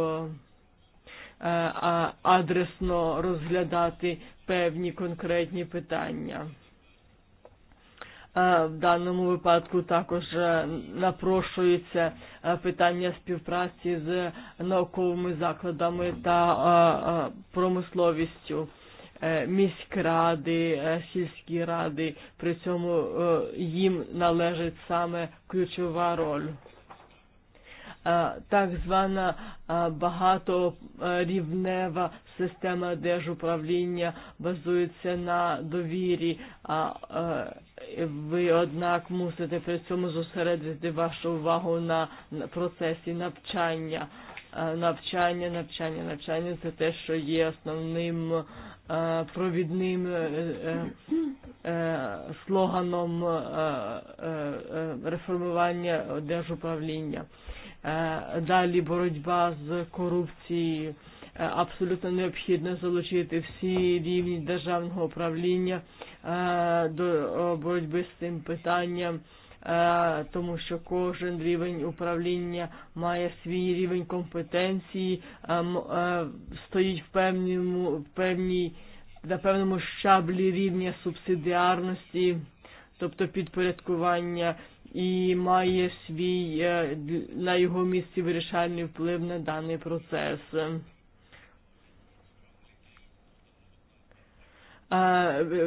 адресно розглядати певні конкретні питання. В даному випадку також напрошується питання співпраці з науковими закладами та промисловістю міськради, сільські ради, при цьому їм належить саме ключова роль. Так звана багаторівнева система держуправління базується на довірі, а vi однак мусите при цьому зосередити вашу увагу на процесі навчання. Навчання, навчання, навчання це те, що є основним провідним слоганом реформування держуправління. Далі боротьба з корупцією абсолютно необхідно залучити всі рівні державного управління до боротьби з цим питанням, тому що кожен рівень управління має свій рівень компетенції, стоїть в певному, в певній, на певному щаблі рівня субсидіарності, тобто підпорядкування і має свій на його місці вирішальний вплив на даний процес.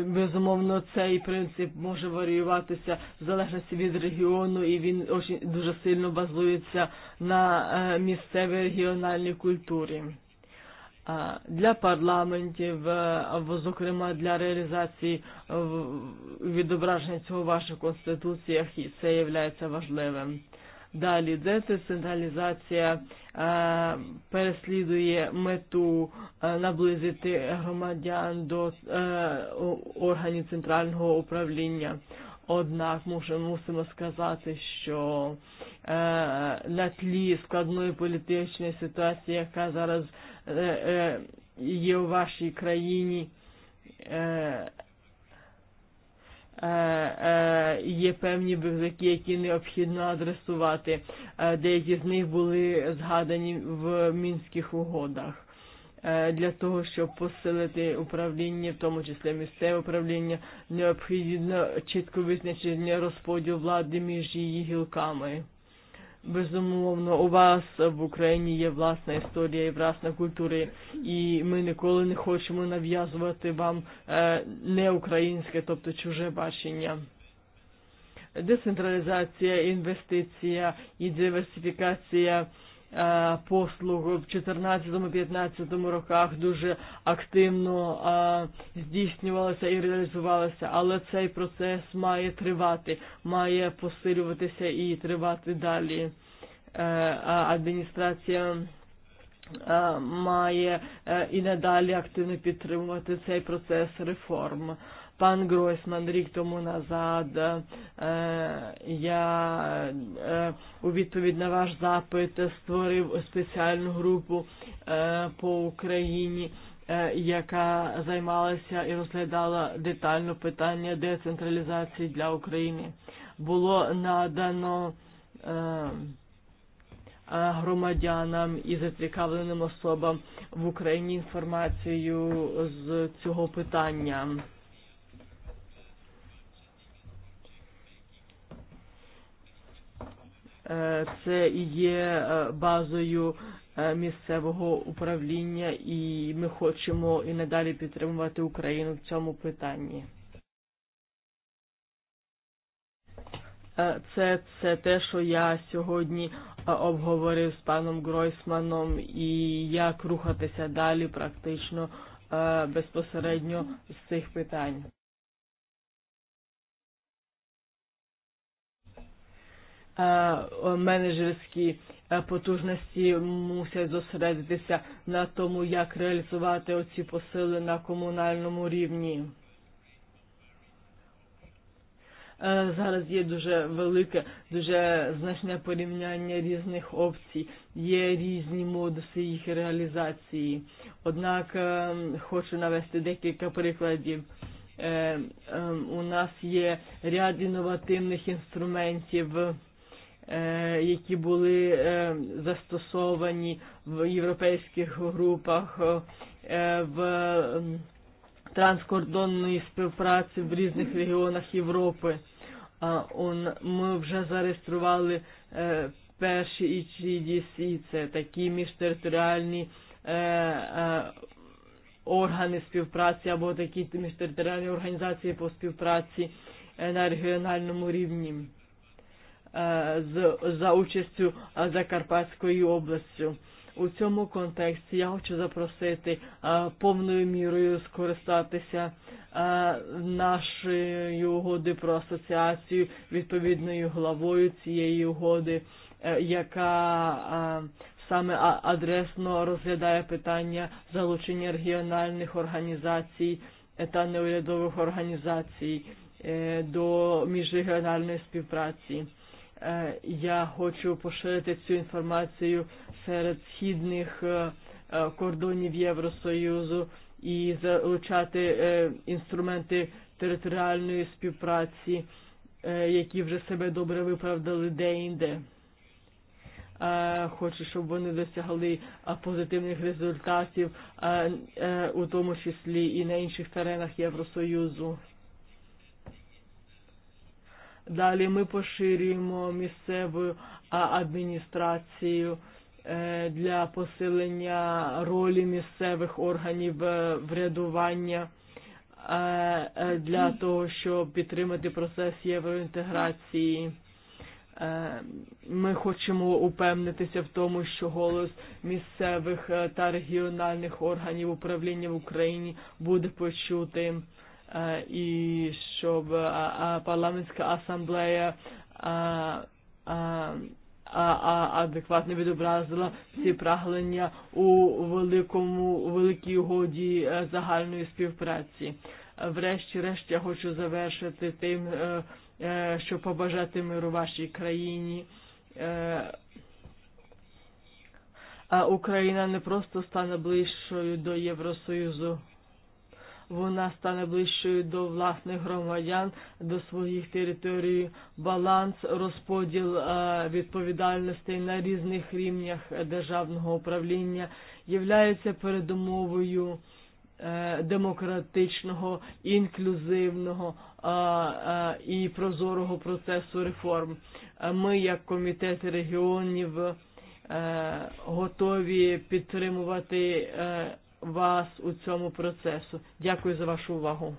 безумовно, цей принцип може варіюватися в залежності від регіону, і він дуже сильно базується на місцевій регіональній культурі. Для парламентів, або зокрема для реалізації відображення цього в ваших конституціях, і це є важливим далі йде децентралізація переслідує мету наблизити громадян до органів центрального управління. Однак мусимо сказати, що на тлі складної політичної ситуації, яка зараз є у вашій країні, є певні ризики, які необхідно адресувати. Деякі з них були згадані в мінських угодах. Для того, щоб посилити управління, в тому числі місцеве управління, необхідно чітко визначення розподіл влади між її гілками безумовно, у вас в Україні є власна історія і власна культура, і ми ніколи не хочемо нав'язувати вам э, не українське, тобто чуже бачення. Децентралізація, інвестиція і диверсифікація – послуг в 14-15 роках дуже активно здійснювалася і реалізувалася, але цей процес має тривати, має посилюватися і тривати далі. Адміністрація має і надалі активно підтримувати цей процес реформ. Пан Гройсман рік тому назад. Я у відповідь на ваш запит створив спеціальну групу по Україні яка займалася і розглядала детально питання децентралізації для України. Було надано громадянам і зацікавленим особам в Україні інформацію з цього питання. це є базою місцевого управління, і ми хочемо і надалі підтримувати Україну в цьому питанні. Це, це те, що я сьогодні обговорив з паном Гройсманом і як рухатися далі практично безпосередньо з цих питань. менеджерські потужності мусять зосередитися на тому, як реалізувати оці посили на комунальному рівні. Зараз є дуже велике, дуже значне порівняння різних опцій, є різні модуси їх реалізації. Однак хочу навести декілька прикладів. У нас є ряд інновативних інструментів які були застосовані в європейських групах в транскордонної співпраці в різних регіонах Європи. Ми вже зареєстрували перші і це такі міжтериторіальні органи співпраці або такі міжтериторіальні організації по співпраці на регіональному рівні за участю Закарпатської області. У цьому контексті я хочу запросити повною мірою скористатися нашою угоди про асоціацію відповідною главою цієї угоди, яка саме адресно розглядає питання залучення регіональних організацій та неурядових організацій до міжрегіональної співпраці. Я хочу поширити цю інформацію серед східних кордонів Євросоюзу і залучати інструменти територіальної співпраці, які вже себе добре виправдали деінде. Хочу, щоб вони досягли позитивних результатів, у тому числі і на інших теренах Євросоюзу. Далі ми поширюємо місцеву адміністрацію для посилення ролі місцевих органів врядування для того, щоб підтримати процес євроінтеграції. Ми хочемо упевнитися в тому, що голос місцевих та регіональних органів управління в Україні буде почутим і щоб парламентська асамблея адекватно відобразила всі прагнення у великому великій угоді загальної співпраці. Врешті-решт я хочу завершити тим, щоб побажати миру вашій країні. Україна не просто стане ближчою до Євросоюзу вона стане ближчою до власних громадян, до своїх територій, баланс, розподіл відповідальностей на різних рівнях державного управління являється передумовою демократичного, інклюзивного і прозорого процесу реформ. Ми, як комітет регіонів, готові підтримувати вас у цьому процесу. Дякую за вашу увагу.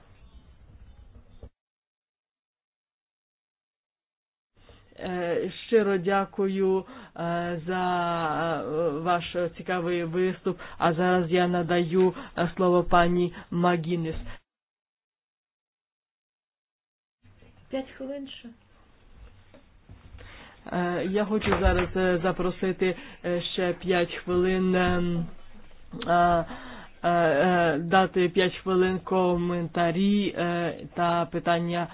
Щиро дякую за ваш цікавий виступ. А зараз я надаю слово пані Магінес. П'ять хвилин ще. Я хочу зараз запросити ще п'ять хвилин дати 5 хвилин коментарі та питання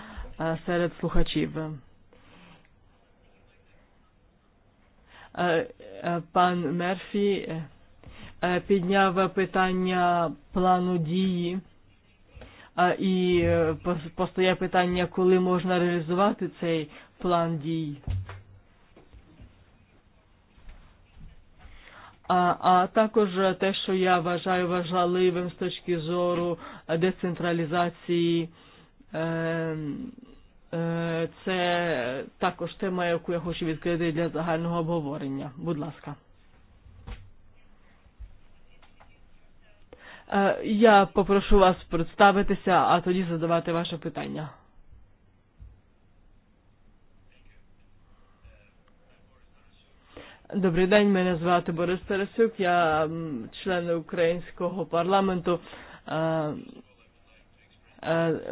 серед слухачів. Пан Мерфі підняв питання плану дії і постає питання, коли можна реалізувати цей план дій. А, а також те, що я вважаю важливим з точки зору децентралізації, е, е, це також тема, яку я хочу відкрити для загального обговорення. Будь ласка. я попрошу вас представитися, а тоді задавати ваше питання. Добрий день, мене звати Борис Тарасюк, я член Українського парламенту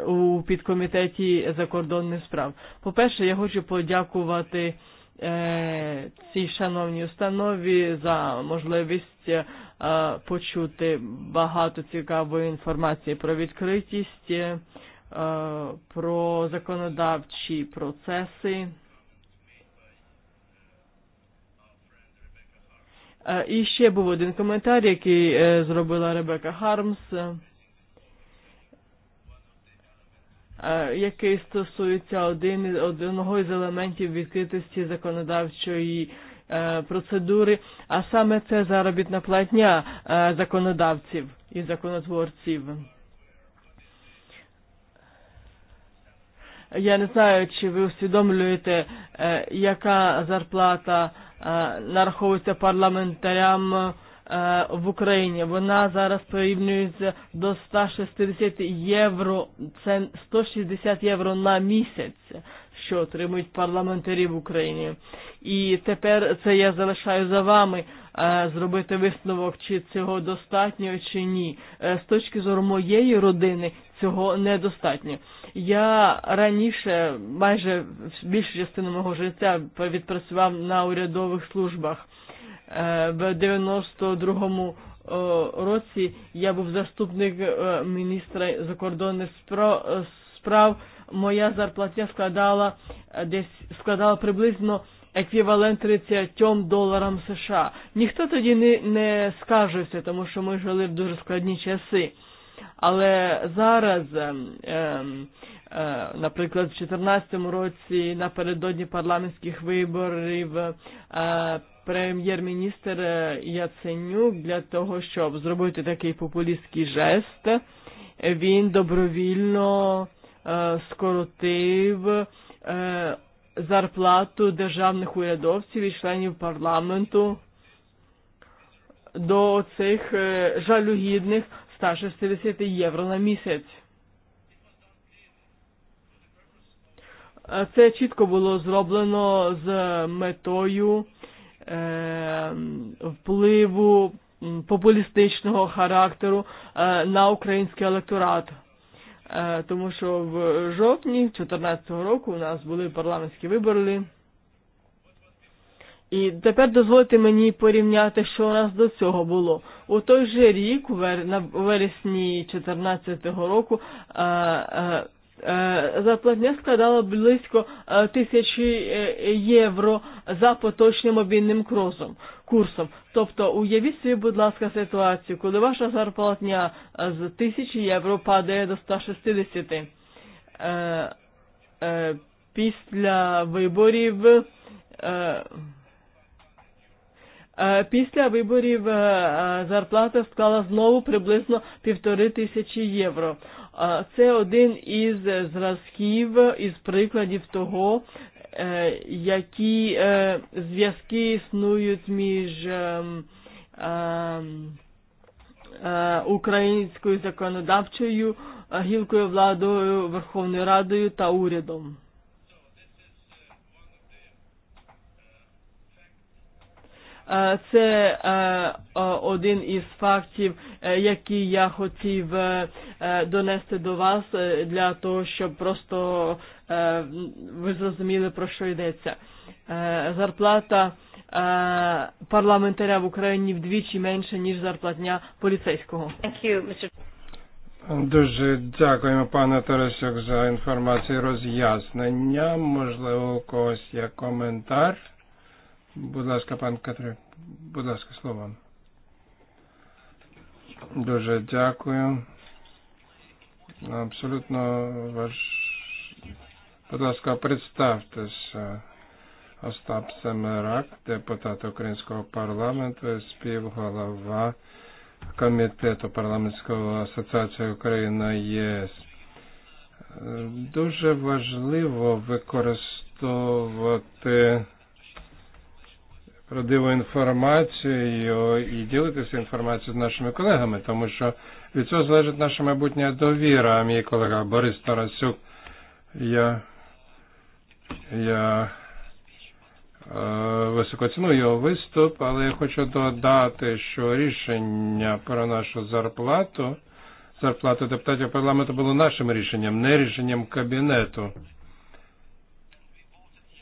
у підкомітеті закордонних справ. По-перше, я хочу подякувати цій шановній установі за можливість почути багато цікавої інформації про відкритість, про законодавчі процеси. І ще був один коментар, який зробила Ребека Хармс, який стосується один, одного із елементів відкритості законодавчої процедури, а саме це заробітна платня законодавців і законотворців. я не знаю, чи ви усвідомлюєте, яка зарплата нараховується парламентарям в Україні. Вона зараз порівнюється до 160 євро, це 160 євро на місяць що отримують парламентарів України. І тепер це я залишаю за вами зробити висновок, чи цього достатньо, чи ні. З точки зору моєї родини цього недостатньо. Я раніше майже більшу частину мого життя відпрацював на урядових службах. В 92-му році я був заступник міністра закордонних справ моя зарплата складала э, десь складала приблизно еквівалент 30 доларам США. Ніхто тоді не, не скажеться, тому що ми жили в дуже складні часи. Але зараз, е, е, наприклад, в 2014 році напередодні парламентських виборів е, прем'єр-міністр Яценюк для того, щоб зробити такий популістський жест, він добровільно Э, скоротив э, зарплату державних урядовців і членів парламенту до цих э, жалюгідних 160 євро на місяць. Це чітко було зроблено з метою впливу популістичного характеру на український електорат тому що в жовтні 2014 року у нас були парламентські вибори. І тепер дозвольте мені порівняти, що у нас до цього було. У той же рік, у вересні 2014 року, Заплатня складала близько тисячі євро за поточним обмінним курсом. курсом. Тобто уявіть собі, будь ласка, ситуацію, коли ваша зарплатня з тисячі євро падає до 160. Після виборів Після виборів зарплата склала знову приблизно півтори тисячі євро. Це один із зразків, із прикладів того, які зв'язки існують між українською законодавчою гілкою владою, Верховною Радою та урядом. Це один із фактів, які я хотів донести до вас для того, щоб просто ви зрозуміли, про що йдеться. Зарплата парламентаря в Україні вдвічі менше, ніж зарплатня поліцейського. Дуже дякуємо, пане Тарасюк, за інформацію роз'яснення. Можливо, у когось є коментар. Будь ласка, пан Катрик, будь ласка, слово. Дуже дякую. Абсолютно ваш... Будь ласка, Остап Семерак, депутат Українського парламенту, співголова Комітету парламентського асоціації Україна ЄС. Дуже важливо використовувати родило інформацію і ділитися інформацією з нашими колегами, тому що від цього залежить наша майбутня довіра. Мій колега Борис Тарасюк, я, я високо ціную його виступ, але я хочу додати, що рішення про нашу зарплату, зарплату депутатів парламенту було нашим рішенням, не рішенням кабінету.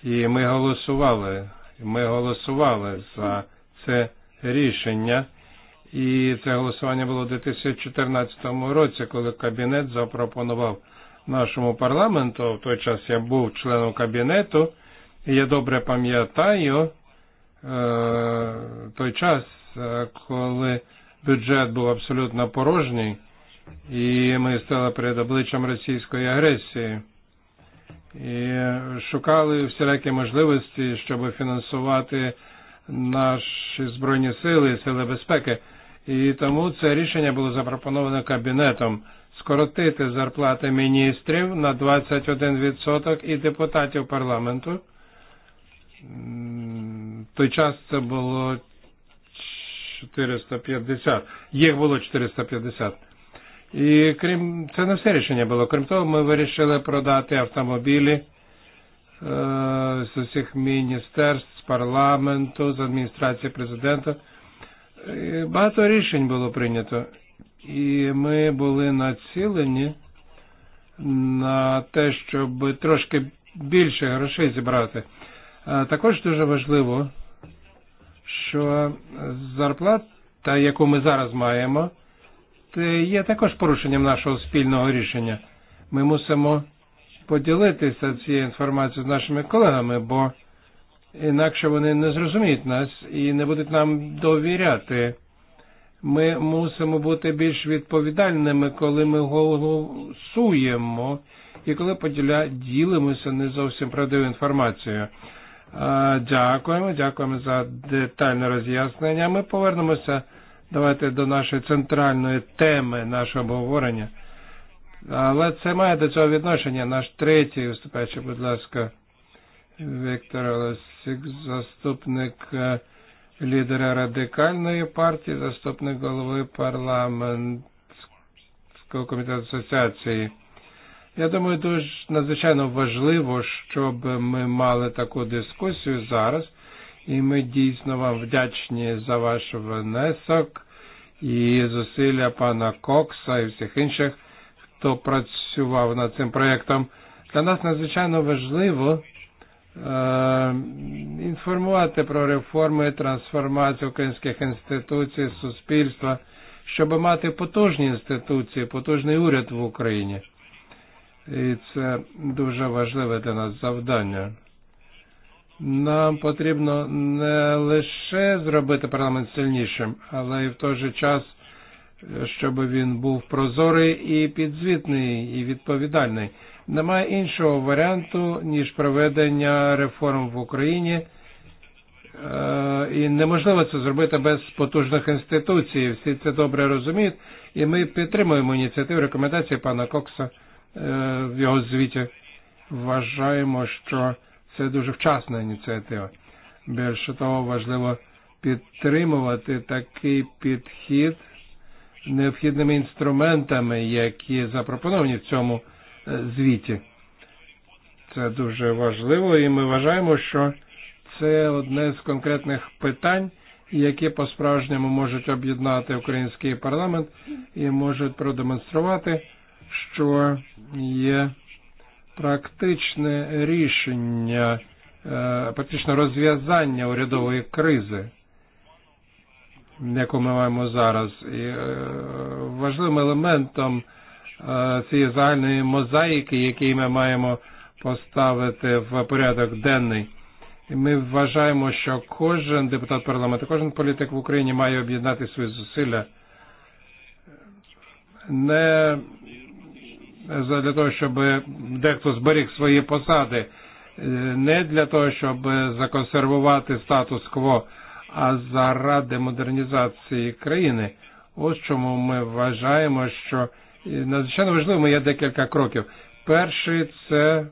І ми голосували Ми голосували за це рішення, і це голосування було у 2014 році, коли кабінет запропонував нашому парламенту. В той час я був членом кабінету, і я добре пам'ятаю той час, коли бюджет був абсолютно порожній, і ми стали перед обличчям російської агресії і шукали всілякі можливості, щоб фінансувати наші збройні сили, сили безпеки. І тому це рішення було запропоновано кабінетом скоротити зарплати міністрів на 21% і депутатів парламенту. В той час це було 450. Їх було 450. І крім це не все рішення було. Крім того, ми вирішили продати автомобілі з усіх міністерств, з парламенту, з адміністрації президента. І багато рішень було прийнято. І ми були націлені на те, щоб трошки більше грошей зібрати. Також дуже важливо, що зарплата, яку ми зараз маємо – є також порушенням нашого спільного рішення. Ми мусимо поділитися цією інформацією з нашими колегами, бо інакше вони не зрозуміють нас і не будуть нам довіряти. Ми мусимо бути більш відповідальними, коли ми голосуємо і коли поділя ділимося не зовсім правдивою інформацією. Дякуємо, дякуємо за детальне роз'яснення. Ми повернемося Давайте до нашої центральної теми нашого обговорення. Але це має до цього відношення. Наш третій виступаючий, будь ласка, Віктор Олесік, заступник лідера радикальної партії, заступник голови парламентського комітету асоціації. Я думаю, дуже надзвичайно важливо, щоб ми мали таку дискусію зараз і ми дійсно вам вдячні за ваш внесок і зусилля пана Кокса і всіх інших, хто працював над цим проєктом. Для нас надзвичайно важливо інформувати про реформи, трансформацію українських інституцій, суспільства, щоб мати потужні інституції, потужний уряд в Україні. І це дуже важливе для нас завдання. Нам потрібно не лише зробити парламент сильнішим, але й в той же час, щоб він був прозорий і підзвітний, і відповідальний. Немає іншого варіанту, ніж проведення реформ в Україні. І неможливо це зробити без потужних інституцій. Всі це добре розуміють. І ми підтримуємо ініціативу рекомендації пана Кокса в його звіті. Вважаємо, що Це дуже вчасна ініціатива. Більше того, важливо підтримувати такий підхід необхідними інструментами, які запропоновані в цьому звіті. Це дуже важливо, і ми вважаємо, що це одне з конкретних питань, які по-справжньому можуть об'єднати український парламент і можуть продемонструвати, що є практичне рішення, практичне розв'язання урядової кризи, яку ми маємо зараз. І важливим елементом цієї загальної мозаїки, який ми маємо поставити в порядок денний. І ми вважаємо, що кожен депутат парламенту, кожен політик в Україні має об'єднати свої зусилля не для того, щоб дехто зберіг свої посади, не для того, щоб законсервувати статус-кво, а заради модернізації країни. Ось чому ми вважаємо, що надзвичайно важливо є декілька кроків. Перший це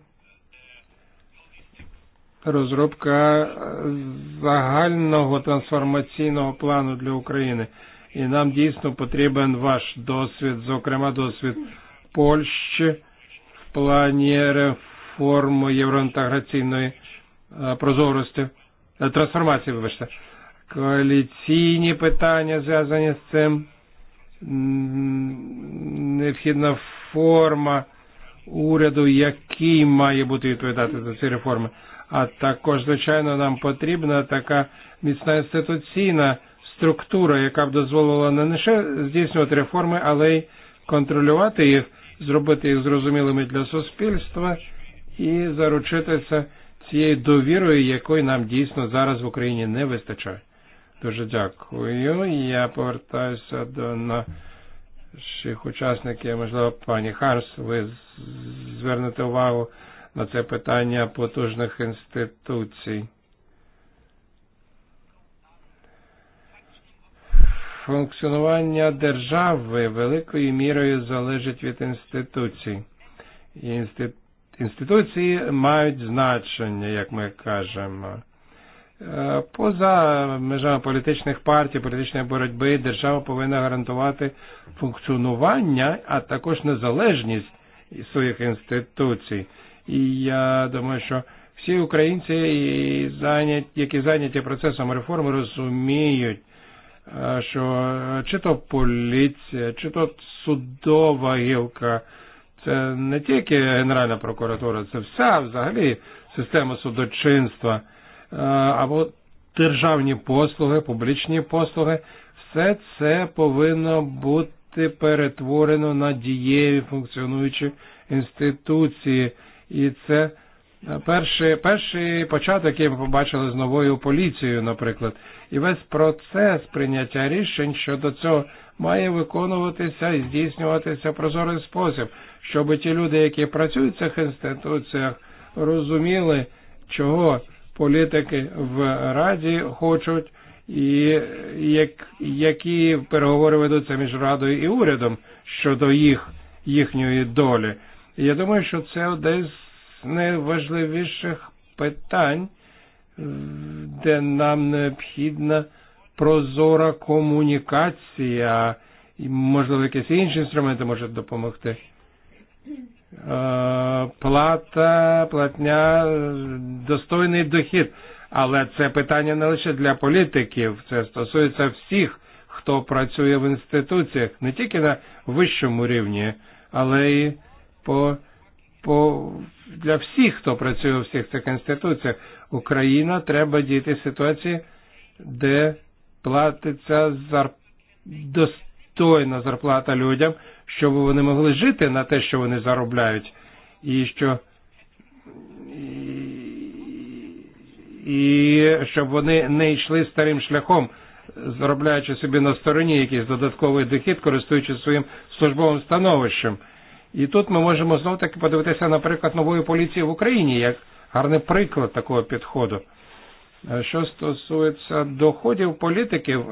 розробка загального трансформаційного плану для України. І нам дійсно потрібен ваш досвід, зокрема досвід Польщі в плані реформи євроінтеграційної э, прозорості, э, трансформації, вибачте. Коаліційні питання зв'язані з цим, необхідна форма уряду, який має бути відповідати за ці реформи. А також, звичайно, нам потрібна така міцна інституційна структура, яка б дозволила не лише здійснювати реформи, але й контролювати їх зробити їх зрозумілими для суспільства і заручитися цією довірою, якої нам дійсно зараз в Україні не вистачає. Дуже дякую. Я повертаюся до наших учасників, можливо, пані Харс, ви звернете увагу на це питання потужних інституцій. Функціонування держави великою мірою залежить від інституцій. Інституції мають значення, як ми кажемо. Поза межами політичних партій, політичної боротьби держава повинна гарантувати функціонування, а також незалежність своїх інституцій. І я думаю, що всі українці, які зайняті процесом реформи, розуміють, що чи то поліція, чи то судова гілка, це не тільки Генеральна прокуратура, це вся взагалі система судочинства або державні послуги, публічні послуги, все це повинно бути перетворено на дієві функціонуючі інституції. І це перший, перший початок, який ми побачили з новою поліцією, наприклад – і весь процес прийняття рішень щодо цього має виконуватися і здійснюватися прозорий спосіб, щоб ті люди, які працюють в цих інституціях, розуміли, чого політики в Раді хочуть і як, які переговори ведуться між Радою і урядом щодо їх, їхньої долі. І я думаю, що це одне з найважливіших питань, де нам необхідна прозора комунікація, і можливо якісь інші інструменти можуть допомогти. Плата, платня, достойний дохід. Але це питання не лише для політиків, це стосується всіх, хто працює в інституціях, не тільки на вищому рівні, але й по, по, для всіх, хто працює у всіх цих інституціях. Україна треба діяти в ситуації, де платиться зар... достойна зарплата людям, щоб вони могли жити на те, що вони заробляють, і що і щоб вони не йшли старим шляхом, заробляючи собі на стороні якийсь додатковий дохід, користуючись своїм службовим становищем. І тут ми можемо знов таки подивитися, наприклад, нової поліції в Україні, як гарний приклад такого підходу. Що стосується доходів політиків,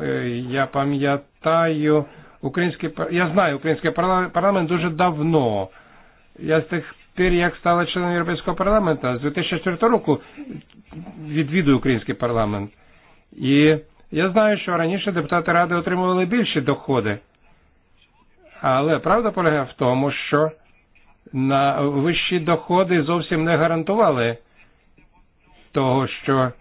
я пам'ятаю український я знаю український парламент дуже давно. Я з тих пір, як стала членом Європейського парламенту, з 2004 року відвідую український парламент. І я знаю, що раніше депутати ради отримували більші доходи. Але правда полягає в тому, що на вищі доходи зовсім не гарантували того, що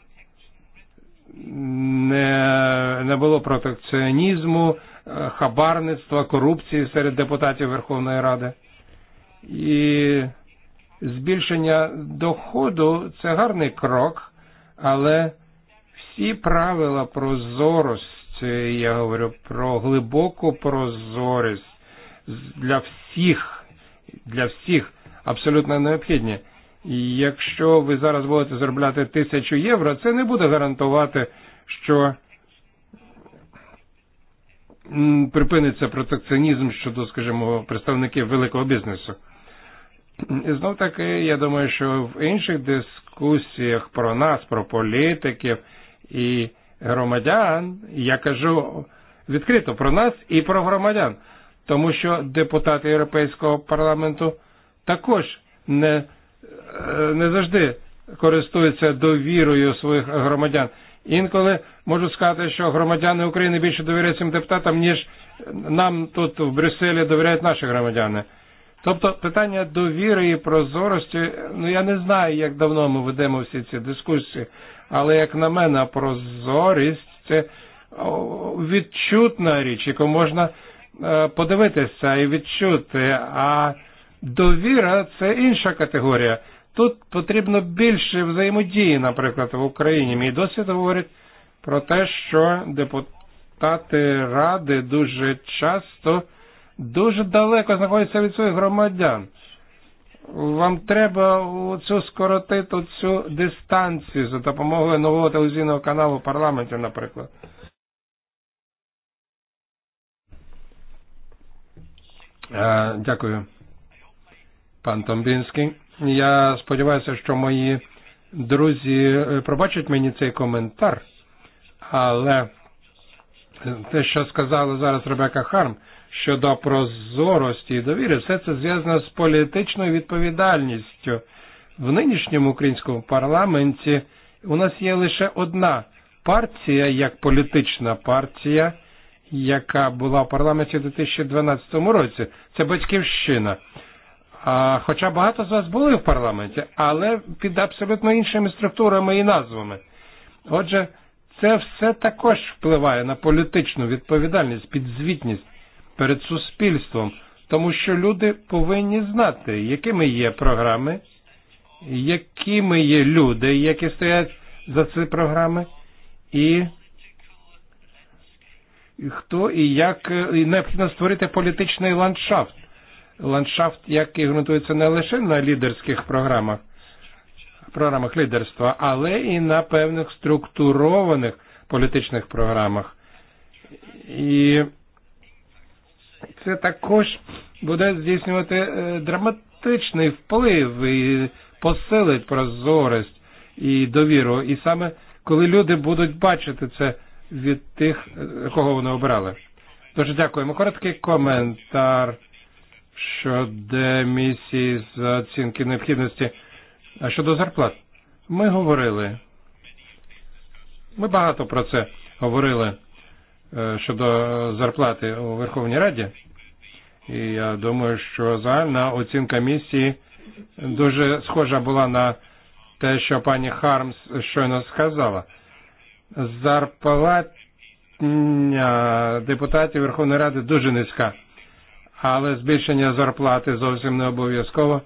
не, не було протекціонізму, хабарництва, корупції серед депутатів Верховної Ради. І збільшення доходу це гарний крок, але всі правила прозорості, я говорю про глибоку прозорість для всіх, для всіх абсолютно необхідні. Якщо ви зараз будете заробляти тисячу євро, це не буде гарантувати, що припиниться протекціонізм щодо, скажімо, представників великого бізнесу. І знов таки, я думаю, що в інших дискусіях про нас, про політиків і громадян, я кажу відкрито про нас і про громадян, тому що депутати Європейського парламенту також не не завжди користуються довірою своїх громадян. Інколи можу сказати, що громадяни України більше довіряють цим депутатам, ніж нам тут в Брюсселі довіряють наші громадяни. Тобто питання довіри і прозорості, ну я не знаю, як давно ми ведемо всі ці дискусії, але як на мене, прозорість це відчутна річ, яку можна подивитися і відчути, а Довіра це інша категорія. Тут потрібно більше взаємодії, наприклад, в Україні. Мій досвід говорить про те, що депутати ради дуже часто дуже далеко знаходяться від своїх громадян. Вам треба цю скоротити цю дистанцію за допомогою нового телевізійного каналу в парламенті, наприклад. Дякую пан Томбінський. Я сподіваюся, що мої друзі пробачать мені цей коментар, але те, що сказала зараз Ребека Харм щодо прозорості і довіри, все це зв'язано з політичною відповідальністю. В нинішньому українському парламенті у нас є лише одна партія, як політична партія, яка була в парламенті у 2012 році. Це батьківщина. Хоча багато з вас були в парламенті, але під абсолютно іншими структурами і назвами. Отже, це все також впливає на політичну відповідальність, підзвітність перед суспільством, тому що люди повинні знати, якими є програми, якими є люди, які стоять за ці програми, і хто і як і необхідно створити політичний ландшафт ландшафт, який ґрунтується не лише на лідерських програмах, програмах лідерства, але і на певних структурованих політичних програмах. І це також буде здійснювати драматичний вплив і посилить прозорість і довіру. І саме коли люди будуть бачити це від тих, кого вони обрали. Дуже дякуємо. Короткий коментар щодо місії з оцінки необхідності. А щодо зарплат, ми говорили. Ми багато про це говорили щодо зарплати у Верховній Раді. І я думаю, що загальна оцінка місії дуже схожа була на те, що пані Хармс щойно сказала. Зарплатня депутатів Верховної Ради дуже низька але збільшення зарплати зовсім не обов'язково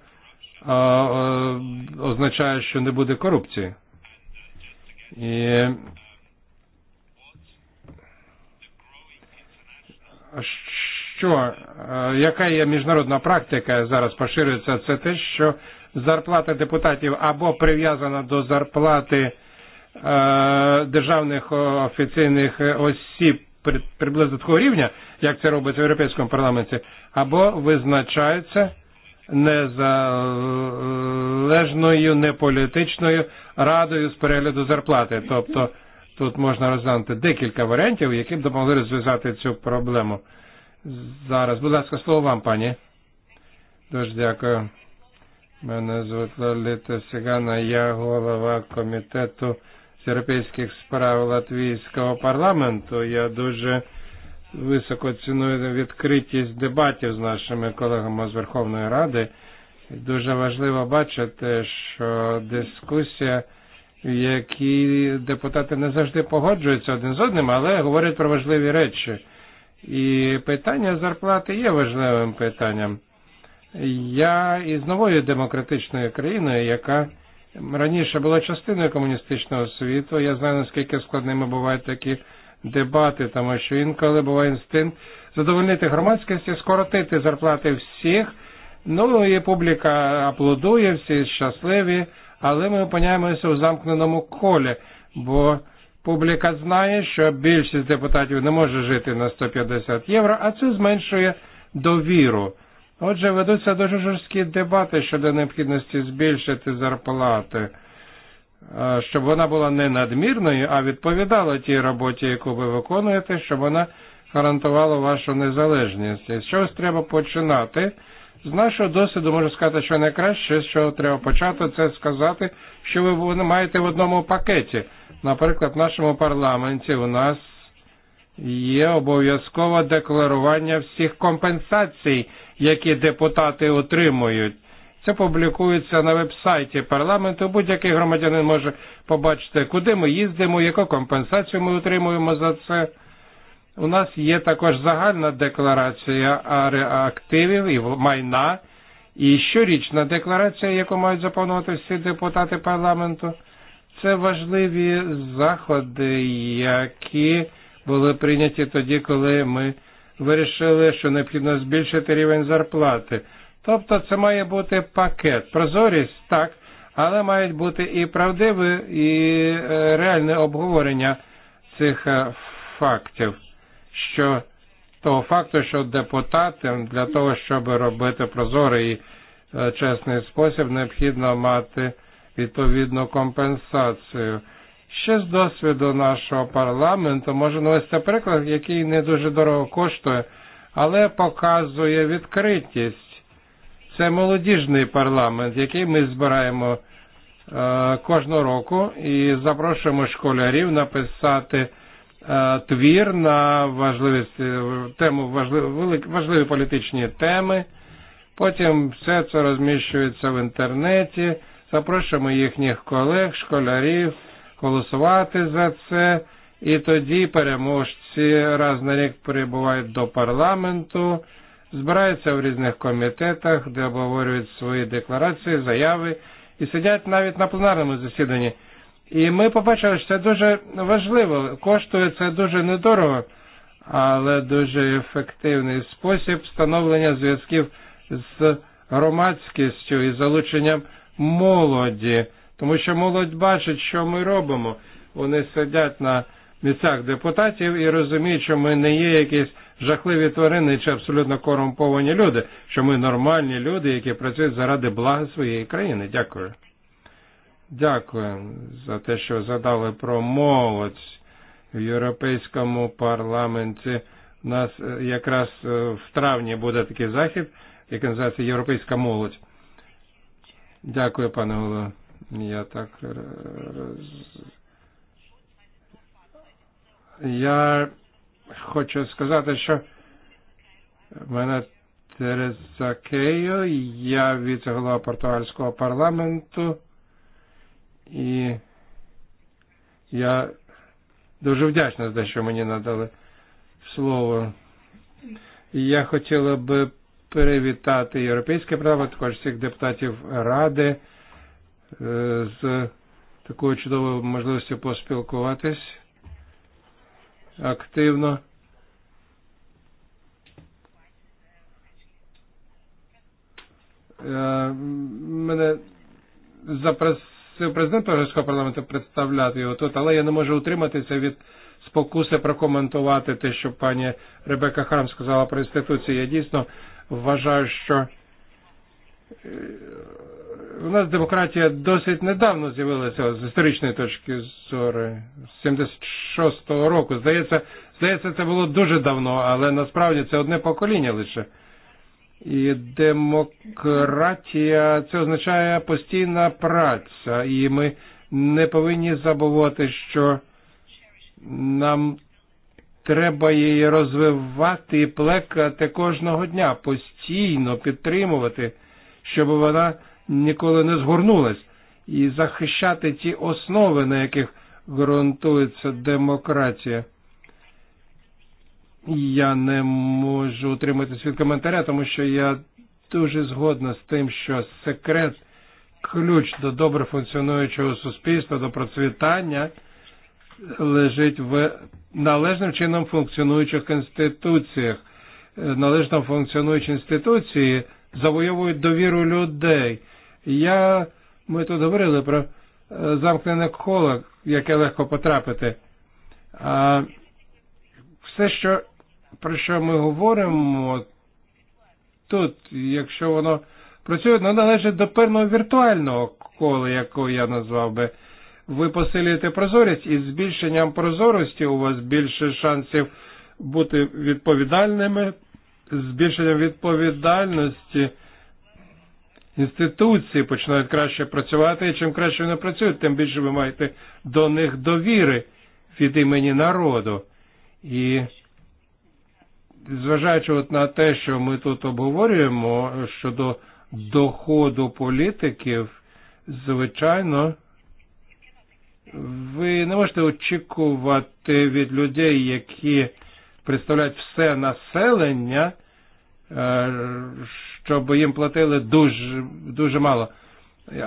означає, що не буде корупції. І що, яка є міжнародна практика зараз поширюється, це те, що зарплата депутатів або прив'язана до зарплати державних офіційних осіб приблизно такого рівня, як це робиться в Європейському парламенті, або визначаються незалежною, неполітичною радою з перегляду зарплати. Тобто тут можна розглянути декілька варіантів, які б допомогли розв'язати цю проблему. Зараз, будь ласка, слово вам, пані. Дуже дякую. Мене звуть Лаліта Сігана, я голова комітету європейських справ Латвійського парламенту. Я дуже високо ціную відкритість дебатів з нашими колегами з Верховної Ради. Дуже важливо бачити, що дискусія, в якій депутати не завжди погоджуються один з одним, але говорять про важливі речі. І питання зарплати є важливим питанням. Я із новою демократичною країною, яка раніше була частиною комуністичного світу. Я знаю, наскільки складними бувають такі дебати, тому що інколи буває інстинкт задовольнити громадськість і скоротити зарплати всіх. Ну і публіка аплодує, всі щасливі, але ми опиняємося у замкненому колі, бо публіка знає, що більшість депутатів не може жити на 150 євро, а це зменшує довіру Отже, ведуться дуже жорсткі дебати щодо необхідності збільшити зарплати, щоб вона була не надмірною, а відповідала тій роботі, яку ви виконуєте, щоб вона гарантувала вашу незалежність. з чогось треба починати. З нашого досвіду можу сказати, що найкраще, з чого треба почати, це сказати, що ви маєте в одному пакеті. Наприклад, в нашому парламенті у нас є обов'язкове декларування всіх компенсацій, які депутати отримують. Це публікується на веб-сайті парламенту. Будь-який громадянин може побачити, куди ми їздимо, яку компенсацію ми отримуємо за це. У нас є також загальна декларація активів і майна, і щорічна декларація, яку мають заповнювати всі депутати парламенту. Це важливі заходи, які були прийняті тоді, коли ми вирішили, що необхідно збільшити рівень зарплати. Тобто це має бути пакет. Прозорість так, але мають бути і правдиве, і реальне обговорення цих фактів, що того факту, що депутатам для того, щоб робити прозорий і чесний спосіб, необхідно мати відповідну компенсацію. Ще з досвіду нашого парламенту може навести приклад, який не дуже дорого коштує, але показує відкритість. Це молодіжний парламент, який ми збираємо е, кожного року і запрошуємо школярів написати е, твір на важливість тему важливі, важливі політичні теми. Потім все це розміщується в інтернеті, запрошуємо їхніх колег, школярів – голосувати за це, і тоді переможці раз на рік прибувають до парламенту, збираються в різних комітетах, де обговорюють свої декларації, заяви і сидять навіть на пленарному засіданні. І ми побачили, що це дуже важливо, коштує це дуже недорого, але дуже ефективний спосіб встановлення зв'язків з громадськістю і залученням молоді тому що молодь бачить, що ми робимо. Вони сидять на місцях депутатів і розуміють, що ми не є якісь жахливі тварини чи абсолютно корумповані люди, що ми нормальні люди, які працюють заради блага своєї країни. Дякую. Дякую за те, що задали про молодь в Європейському парламенті. У нас якраз в травні буде такий захід, який називається Європейська молодь. Дякую, пане голово. E, я так... Я хочу сказати, що мене Тереза Кейо, я віце-голова португальського парламенту, і я дуже вдячна за те, що мені надали слово. Я хотіла би привітати Європейське право, також всіх депутатів Ради, з такою чудовою можливістю поспілкуватись активно. Мене запросив президент Європейського парламенту представляти його тут, але я не можу утриматися від спокуси прокоментувати те, що пані Ребека Харм сказала про інституції. Я дійсно вважаю, що У нас демократія досить недавно з'явилася з історичної точки зору, з 76-го року. Здається, здається, це було дуже давно, але насправді це одне покоління лише. І демократія це означає постійна праця, і ми не повинні забувати, що нам треба її розвивати і плекати кожного дня, постійно підтримувати, щоб вона ніколи не згорнулась, і захищати ті основи, на яких ґрунтується демократія. Я не можу утриматися від коментаря, тому що я дуже згодна з тим, що секрет ключ до добре функціонуючого суспільства, до процвітання лежить в належним чином функціонуючих інституціях. Належно функціонуючі інституції завойовують довіру людей. Я, ми тут говорили про замкнене коло, яке легко потрапити. А все, що, про що ми говоримо тут, якщо воно працює, воно належить до певного віртуального кола, якого я назвав би. Ви посилюєте прозорість, і з збільшенням прозорості у вас більше шансів бути відповідальними, збільшенням відповідальності – інституції починають краще працювати, і чим краще вони працюють, тим більше ви маєте до них довіри від імені народу. І зважаючи от на те, що ми тут обговорюємо щодо доходу політиків, звичайно, ви не можете очікувати від людей, які представляють все населення, щоб їм платили дуже, дуже мало.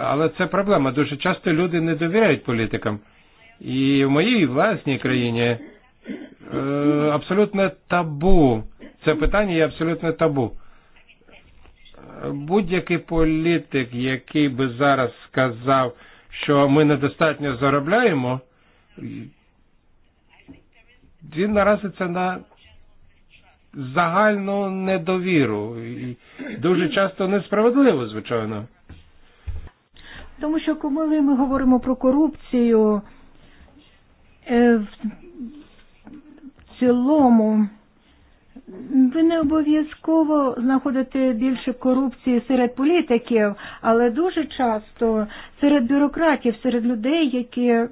Але це проблема. Дуже часто люди не довіряють політикам. І в моїй власній країні е, абсолютно табу. Це питання є абсолютно табу. Будь-який політик, який би зараз сказав, що ми недостатньо заробляємо, він наразиться на загальну недовіру і дуже часто несправедливо, звичайно. Тому що коли ми говоримо про корупцію, в цілому ви не обов'язково знаходите більше корупції серед політиків, але дуже часто серед бюрократів, серед людей, які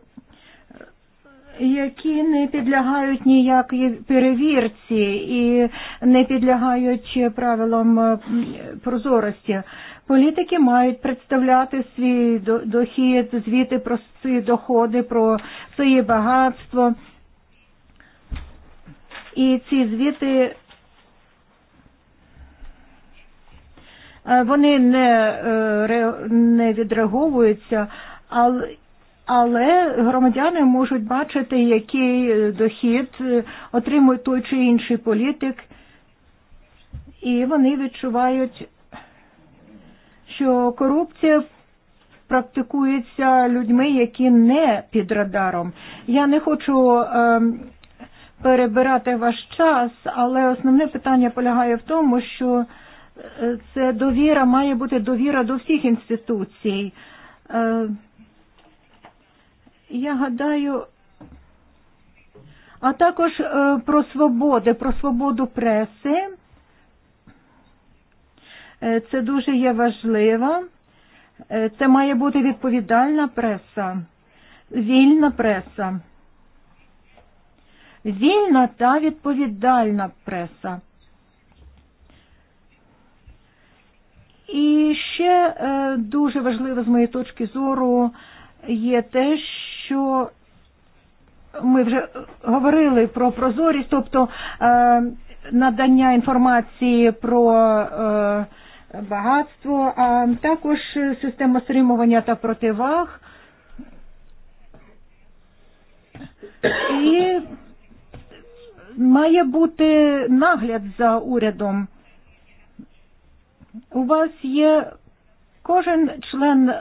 які не підлягають ніякій перевірці і не підлягають правилам прозорості. Політики мають представляти свій дохід, звіти про свої доходи, про своє багатство. І ці звіти вони не, не відреагуються, але але громадяни можуть бачити, який дохід отримує той чи інший політик, і вони відчувають, що корупція практикується людьми, які не під радаром. Я не хочу е, перебирати ваш час, але основне питання полягає в тому, що це довіра має бути довіра до всіх інституцій. Е, я гадаю, а також про свободи, про свободу преси. Це дуже є важливо. Це має бути відповідальна преса, вільна преса. Вільна та відповідальна преса. І ще дуже важливо з моєї точки зору є те, що ми вже говорили про прозорість, тобто надання інформації про багатство, а також система стримування та противаг. І має бути нагляд за урядом. У вас є кожен член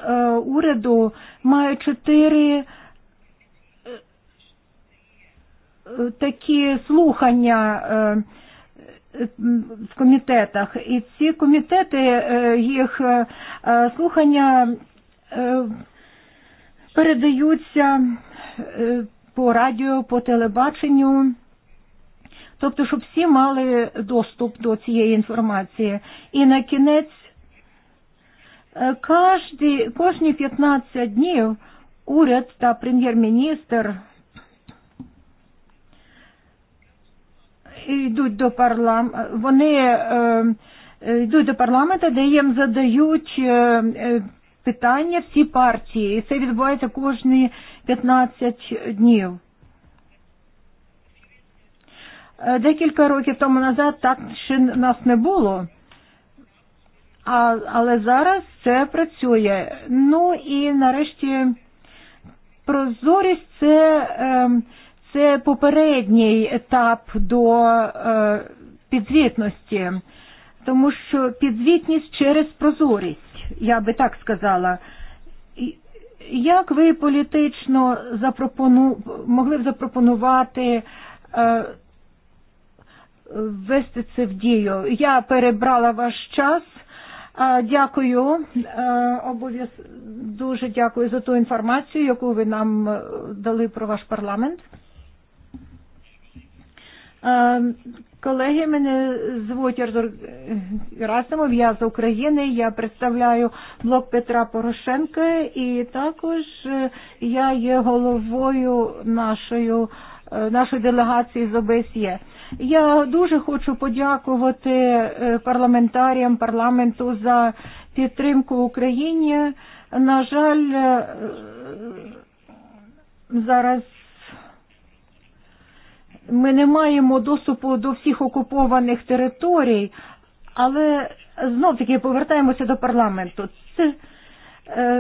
уряду має чотири такі слухання в комітетах, і ці комітети їх слухання передаються по радіо, по телебаченню. Тобто, щоб всі мали доступ до цієї інформації. І на кінець кожні 15 днів уряд та прем'єр-міністр йдуть до парламенту, вони йдуть до парламенту, де їм задають питання всі партії. І це відбувається кожні 15 днів. Декілька років тому назад так ще нас не було. А, але зараз це працює. Ну і нарешті прозорість це. Е, Це попередній етап до е, підзвітності, тому що підзвітність через прозорість, я би так сказала. Як ви політично запропону... могли б запропонувати е, ввести це в дію? Я перебрала ваш час. Дякую, обов'яз дуже дякую за ту інформацію, яку ви нам дали про ваш парламент. Колеги, мене звуть Артур э, Герасимов, я з України, я представляю блок Петра Порошенка і також э, я є головою нашою, нашої делегації з ОБСЄ. Я дуже хочу подякувати парламентаріям парламенту за підтримку України. На жаль, зараз Ми не маємо доступу до всіх окупованих територій, але знов таки повертаємося до парламенту. Це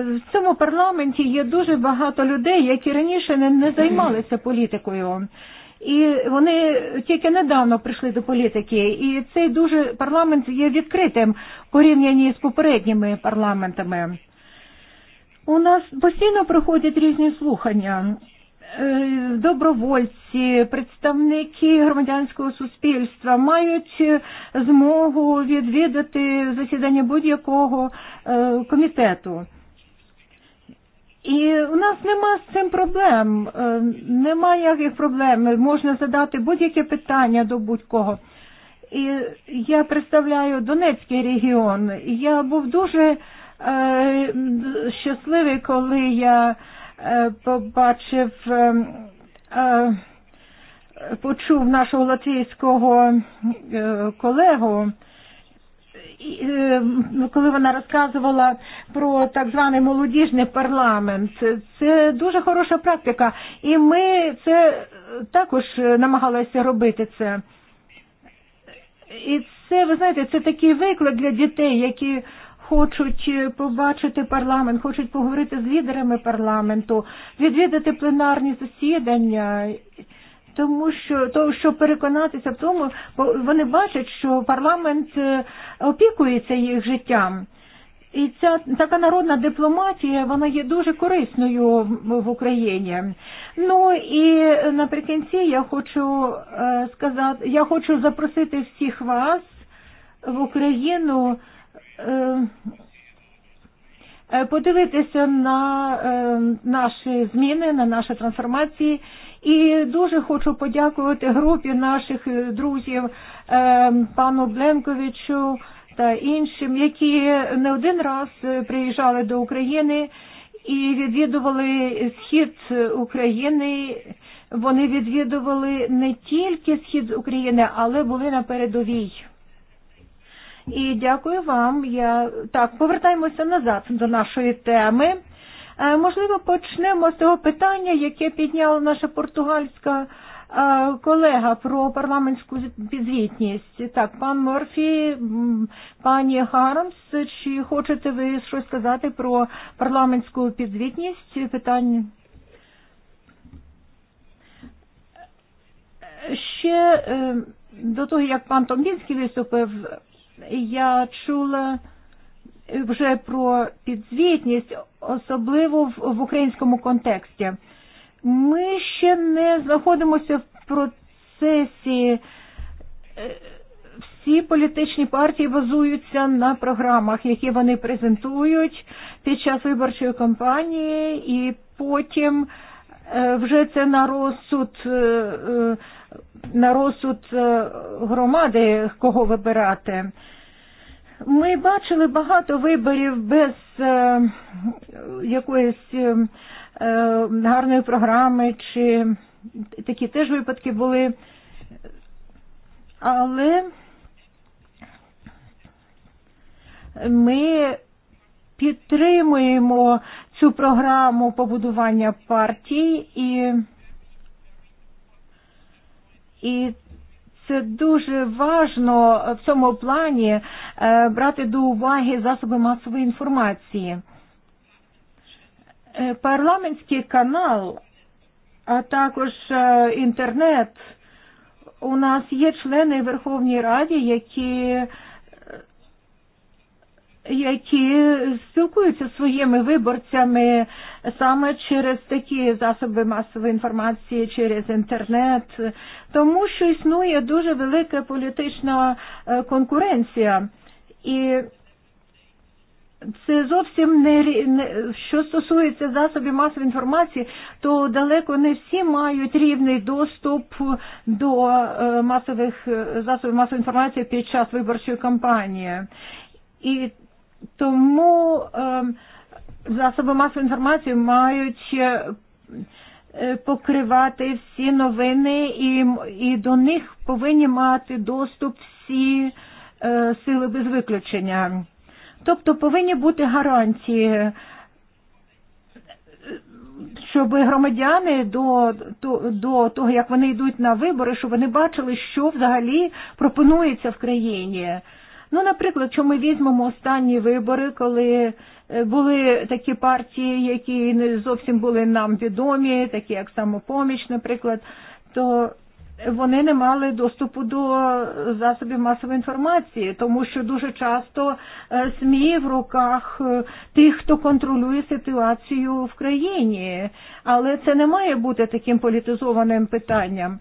в цьому парламенті є дуже багато людей, які раніше не, не займалися політикою. І вони тільки недавно прийшли до політики, і цей дуже парламент є відкритим порівнянні з попередніми парламентами. У нас постійно проходять різні слухання. Э, добровольці, представники громадянського суспільства мають э, змогу відвідати засідання будь-якого э, комітету. І у нас нема з цим проблем, немає яких проблем, можна задати будь-яке питання до будь-кого. І я представляю Донецький регіон. Я був дуже щасливий, коли я е, побачив почув нашого латвійського колегу, коли вона розказувала про так званий молодіжний парламент. Це дуже хороша практика. І ми це також намагалися робити це. І це, ви знаєте, це такий виклик для дітей, які хочуть побачити парламент, хочуть поговорити з лідерами парламенту, відвідати пленарні засідання. Тому що то, що переконатися в тому, бо вони бачать, що парламент опікується їх життям. І ця така народна дипломатія, вона є дуже корисною в Україні. Ну і наприкінці я хочу сказати, я хочу запросити всіх вас в Україну подивитися на наші зміни, на наші трансформації. І дуже хочу подякувати групі наших друзів пану Бленковичу та іншим, які не один раз приїжджали до України і відвідували схід України. Вони відвідували не тільки схід України, але були на передовій. І дякую вам. Я так повертаємося назад до нашої теми. Можливо, почнемо з того питання, яке підняла наша португальська колега про парламентську підзвітність. Так, пан Мерфі, пані Гармс, чи хочете ви щось сказати про парламентську підзвітність? Питання. Ще до того, як пан Томбінський виступив, я чула вже про підзвітність, особливо в українському контексті. Ми ще не знаходимося в процесі. Всі політичні партії базуються на програмах, які вони презентують під час виборчої кампанії, і потім вже це на розсуд на розсуд громади, кого вибирати. Ми бачили багато виборів без якоїсь гарної програми, чи такі теж випадки були. Але ми підтримуємо цю програму побудування партій і І це дуже важно в цьому плані брати до уваги засоби масової інформації. Парламентський канал, а також інтернет. У нас є члени Верховній Раді, які які спілкуються з своїми виборцями саме через такі засоби масової інформації, через інтернет, тому що існує дуже велика політична конкуренція. І це зовсім не, не що стосується засобів масової інформації, то далеко не всі мають рівний доступ до е, масових засобів масової інформації під час виборчої кампанії. І Тому засоби масової інформації мають покривати всі новини і, і до них повинні мати доступ всі е, сили без виключення. Тобто повинні бути гарантії, щоб громадяни до, до, до того, як вони йдуть на вибори, щоб вони бачили, що взагалі пропонується в країні. Ну, наприклад, що ми візьмемо останні вибори, коли були такі партії, які не зовсім були нам відомі, такі як самопоміч, наприклад, то вони не мали доступу до засобів масової інформації, тому що дуже часто СМІ в руках тих, хто контролює ситуацію в країні. Але це не має бути таким політизованим питанням.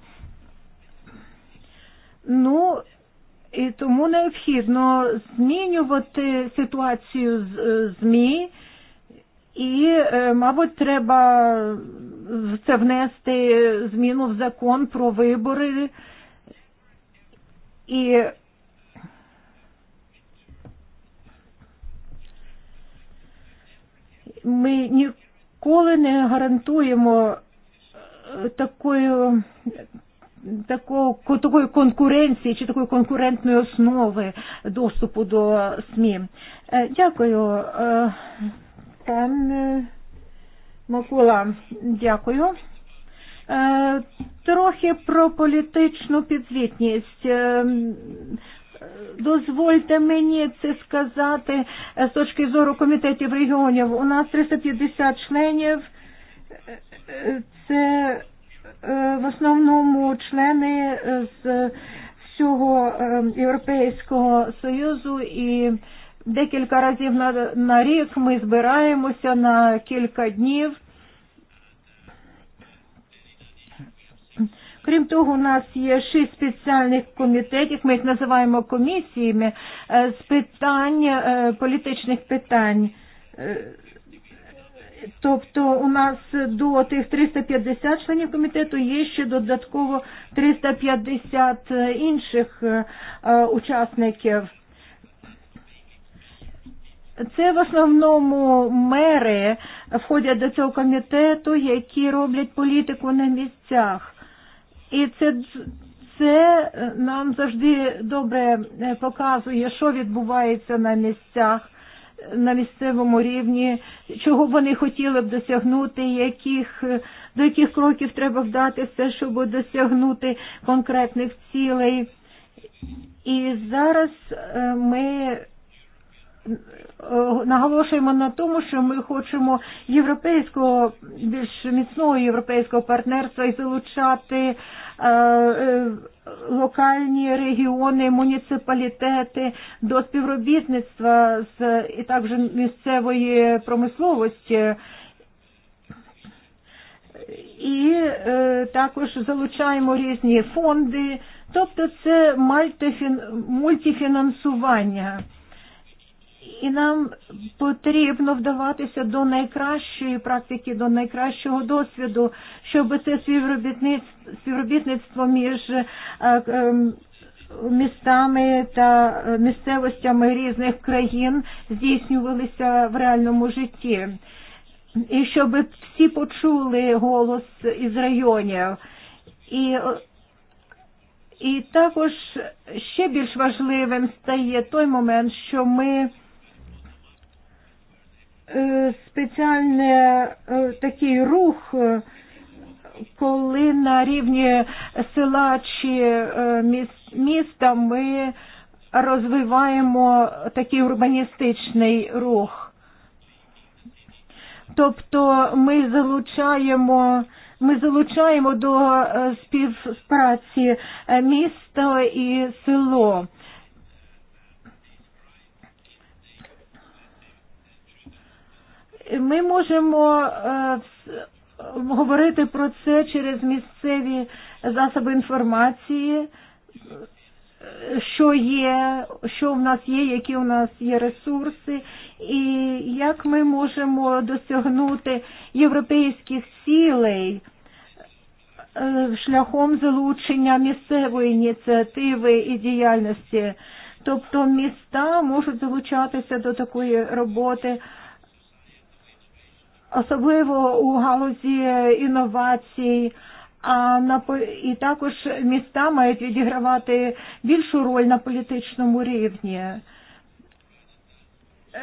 Ну, І тому необхідно змінювати ситуацію з ЗМІ, і, мабуть, треба це внести зміну в закон про вибори. i ми ніколи не гарантуємо такою такого, такой конкуренції чи такої конкурентної основи доступу до СМІ. Дякую, пан Микола, дякую. Трохи про політичну підзвітність. Дозвольте мені це сказати з точки зору комітетів регіонів. У нас 350 членів. Це в основному члени з всього Європейського Союзу і декілька разів на, на рік ми збираємося на кілька днів. Крім того, у нас є шість спеціальних комітетів, ми їх називаємо комісіями з питань політичних питань Тобто у нас до тих 350 членів комітету є ще додатково 350 інших учасників. Це в основному мери входять до цього комітету, які роблять політику на місцях. І це, це нам завжди добре показує, що відбувається на місцях на місцевому рівні, чого вони хотіли б досягнути, яких, до яких кроків треба вдати все, щоб досягнути конкретних цілей. І зараз ми наголошуємо на тому, що ми хочемо європейського більш міцного європейського партнерства і залучати локальні регіони, муніципалітети до співробітництва з і також місцевої промисловості. І е, також залучаємо різні фонди, тобто це мультифінансування. І нам потрібно вдаватися до найкращої практики, до найкращого досвіду, щоб це співробітництво, співробітництво між містами та місцевостями різних країн здійснювалися в реальному житті. І щоб всі почули голос із районів. І і також ще більш важливим стає той момент, що ми Э, спеціальний э, такий рух, э, коли на рівні села чи міста ми розвиваємо такий урбаністичний рух. Тобто ми залучаємо ми залучаємо до співпраці місто і село. Ми можемо говорити про це через місцеві засоби інформації, що є, що в нас є, які у нас є ресурси, і як ми можемо досягнути європейських цілей шляхом залучення місцевої ініціативи і діяльності. Тобто міста можуть залучатися до такої роботи, особливо у галузі інновацій. А на і також міста мають відігравати більшу роль на політичному рівні.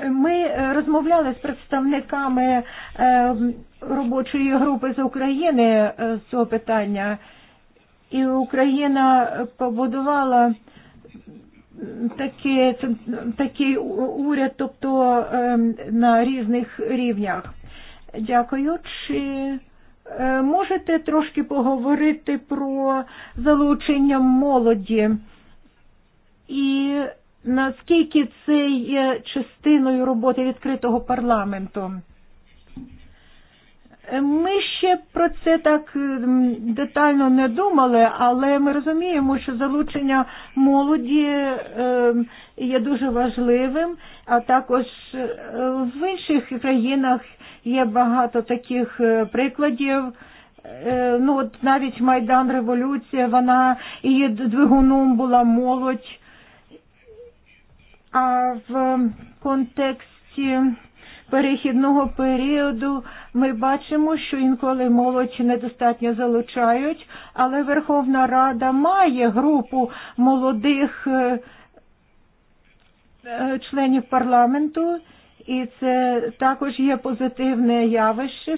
Ми розмовляли з представниками робочої групи з України з цього питання, і Україна побудувала такий, такий уряд, тобто на різних рівнях. Дякую. Чи можете трошки поговорити про залучення молоді і наскільки це є частиною роботи відкритого парламенту? Ми ще про це так детально не думали, але ми розуміємо, що залучення молоді є дуже важливим, а також в інших країнах є багато таких прикладів. Ну, от навіть Майдан Революція, вона її двигуном була молодь. А в контексті перехідного періоду ми бачимо, що інколи молодь недостатньо залучають, але Верховна Рада має групу молодих членів парламенту, і це також є позитивне явище.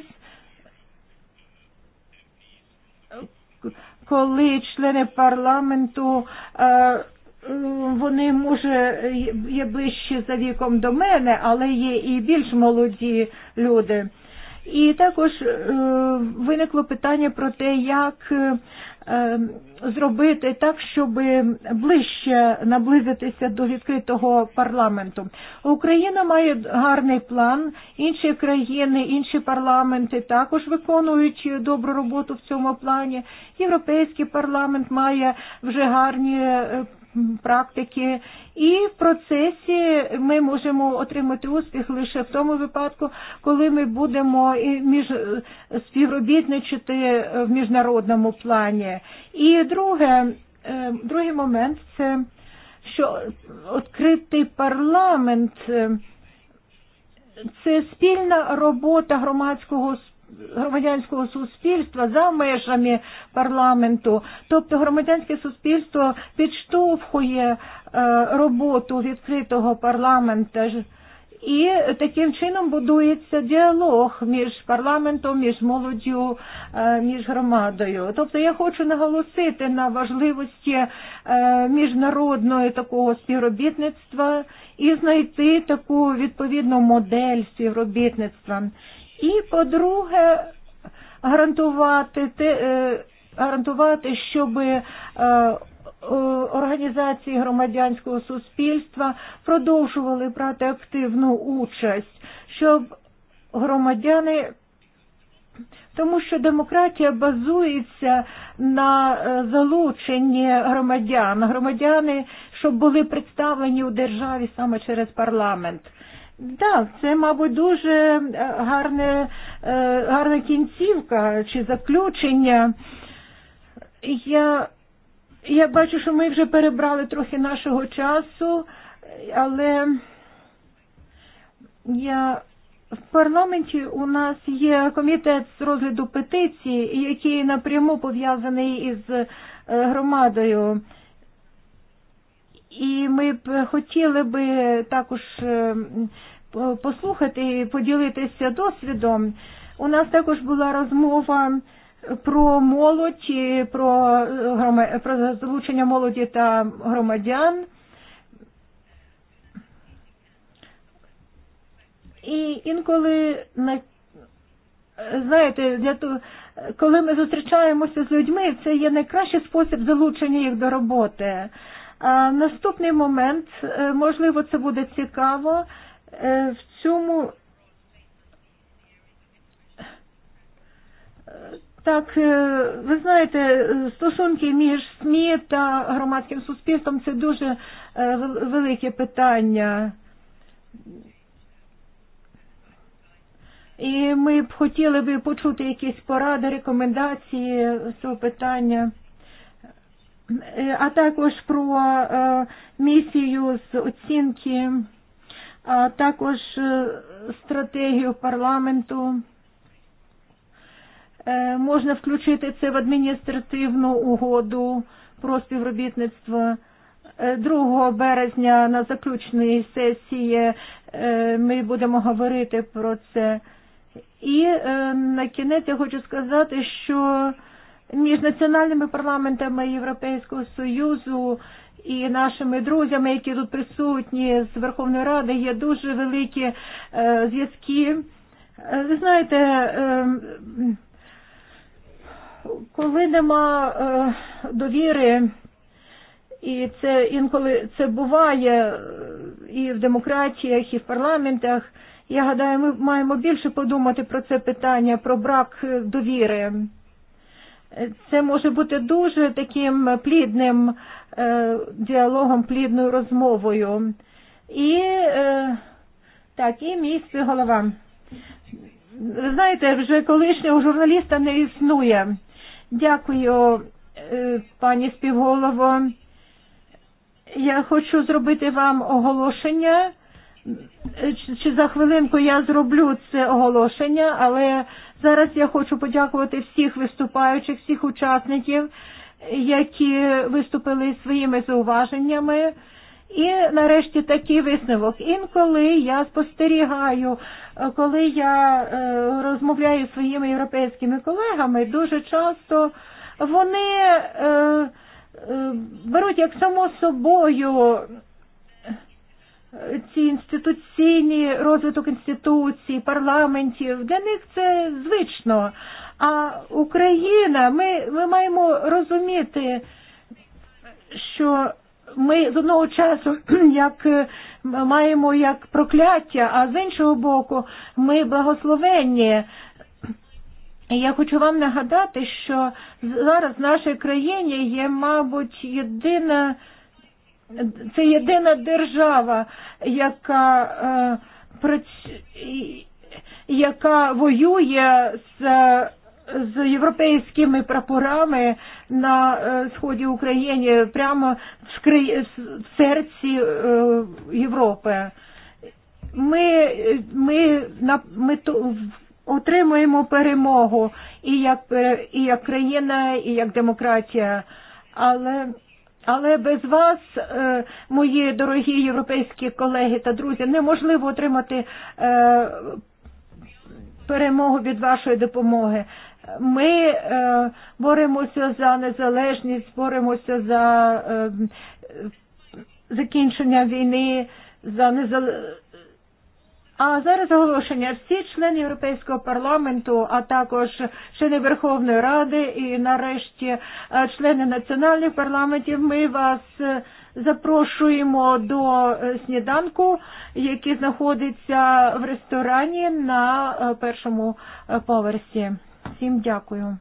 Коли члени парламенту е, вони може є ближче за віком до мене, але є і більш молоді люди. І також виникло питання про те, як зробити так, щоб ближче наблизитися до відкритого парламенту. Україна має гарний план, інші країни, інші парламенти також виконують добру роботу в цьому плані. Європейський парламент має вже гарні практики, і в процесі ми можемо отримати успіх лише в тому випадку, коли ми будемо між співробітничати в міжнародному плані. І друге, другий момент це що відкритий парламент це спільна робота громадського громадянського суспільства за межами парламенту. Тобто громадянське суспільство підштовхує роботу відкритого парламенту. І таким чином будується діалог між парламентом, між молоддю, між громадою. Тобто я хочу наголосити на важливості міжнародного такого співробітництва і знайти таку відповідну модель співробітництва. І, по-друге, гарантувати те, гарантувати, щоб організації громадянського суспільства продовжували брати активну участь, щоб громадяни Тому що демократія базується на залученні громадян. Громадяни, щоб були представлені у державі саме через парламент. Да, це, мабуть, дуже гарне, гарна кінцівка чи заключення. Я, я бачу, що ми вже перебрали трохи нашого часу, але я в парламенті у нас є комітет з розгляду петиції, який напряму пов'язаний із громадою. І ми хотіли би також послухати і поділитися досвідом. У нас також була розмова про молодь, про, про залучення молоді та громадян. І інколи знаєте, для того, коли ми зустрічаємося з людьми, це є найкращий спосіб залучення їх до роботи. Наступний момент, можливо, це буде цікаво. В цьому Так, ви знаєте, стосунки між СМІ та громадським суспільством це дуже велике питання. І ми б хотіли би почути якісь поради, рекомендації з цього питання. Э, а також про э, місію з оцінки, а також стратегію парламенту. Э, Можна включити це в адміністративну угоду про співробітництво. 2 березня на заключній сесії ми будемо говорити про це. І на кінець я хочу сказати, що між національними парламентами Європейського Союзу і нашими друзями, які тут присутні з Верховної Ради, є дуже великі е, зв'язки. Ви знаєте, е, коли нема е, довіри, і це інколи це буває і в демократіях, і в парламентах, я гадаю, ми маємо більше подумати про це питання, про брак довіри. Це може бути дуже таким плідним діалогом, плідною розмовою. І так, і мій співголова. Ви знаєте, вже колишнього журналіста не існує. Дякую, пані співголово. Я хочу зробити вам оголошення. Чи за хвилинку я зроблю це оголошення, але Зараз я хочу подякувати всіх виступаючих, всіх учасників, які виступили своїми зауваженнями. І нарешті такий висновок. Інколи я спостерігаю, коли я розмовляю зі своїми європейськими колегами, дуже часто вони беруть як само собою ці інституційні розвиток інституцій, парламентів, для них це звично. А Україна, ми, ми маємо розуміти, що ми з одного часу як маємо як прокляття, а з іншого боку ми благословенні. Я хочу вам нагадати, що зараз в нашій країні є, мабуть, єдина Це єдина держава, яка, яка воює з з європейськими прапорами на сході України прямо в, в серці Європи. Ми, ми, на, ми то, отримуємо перемогу і як, і як країна, і як демократія. Але Але без вас, мої дорогі європейські колеги та друзі, неможливо отримати перемогу від вашої допомоги. Ми боремося за незалежність, боремося за закінчення війни, за незалежність А зараз оголошення всі члени Європейського парламенту, а також члени Верховної Ради і нарешті члени національних парламентів. Ми вас запрошуємо до сніданку, який знаходиться в ресторані на першому поверсі. Всім дякую.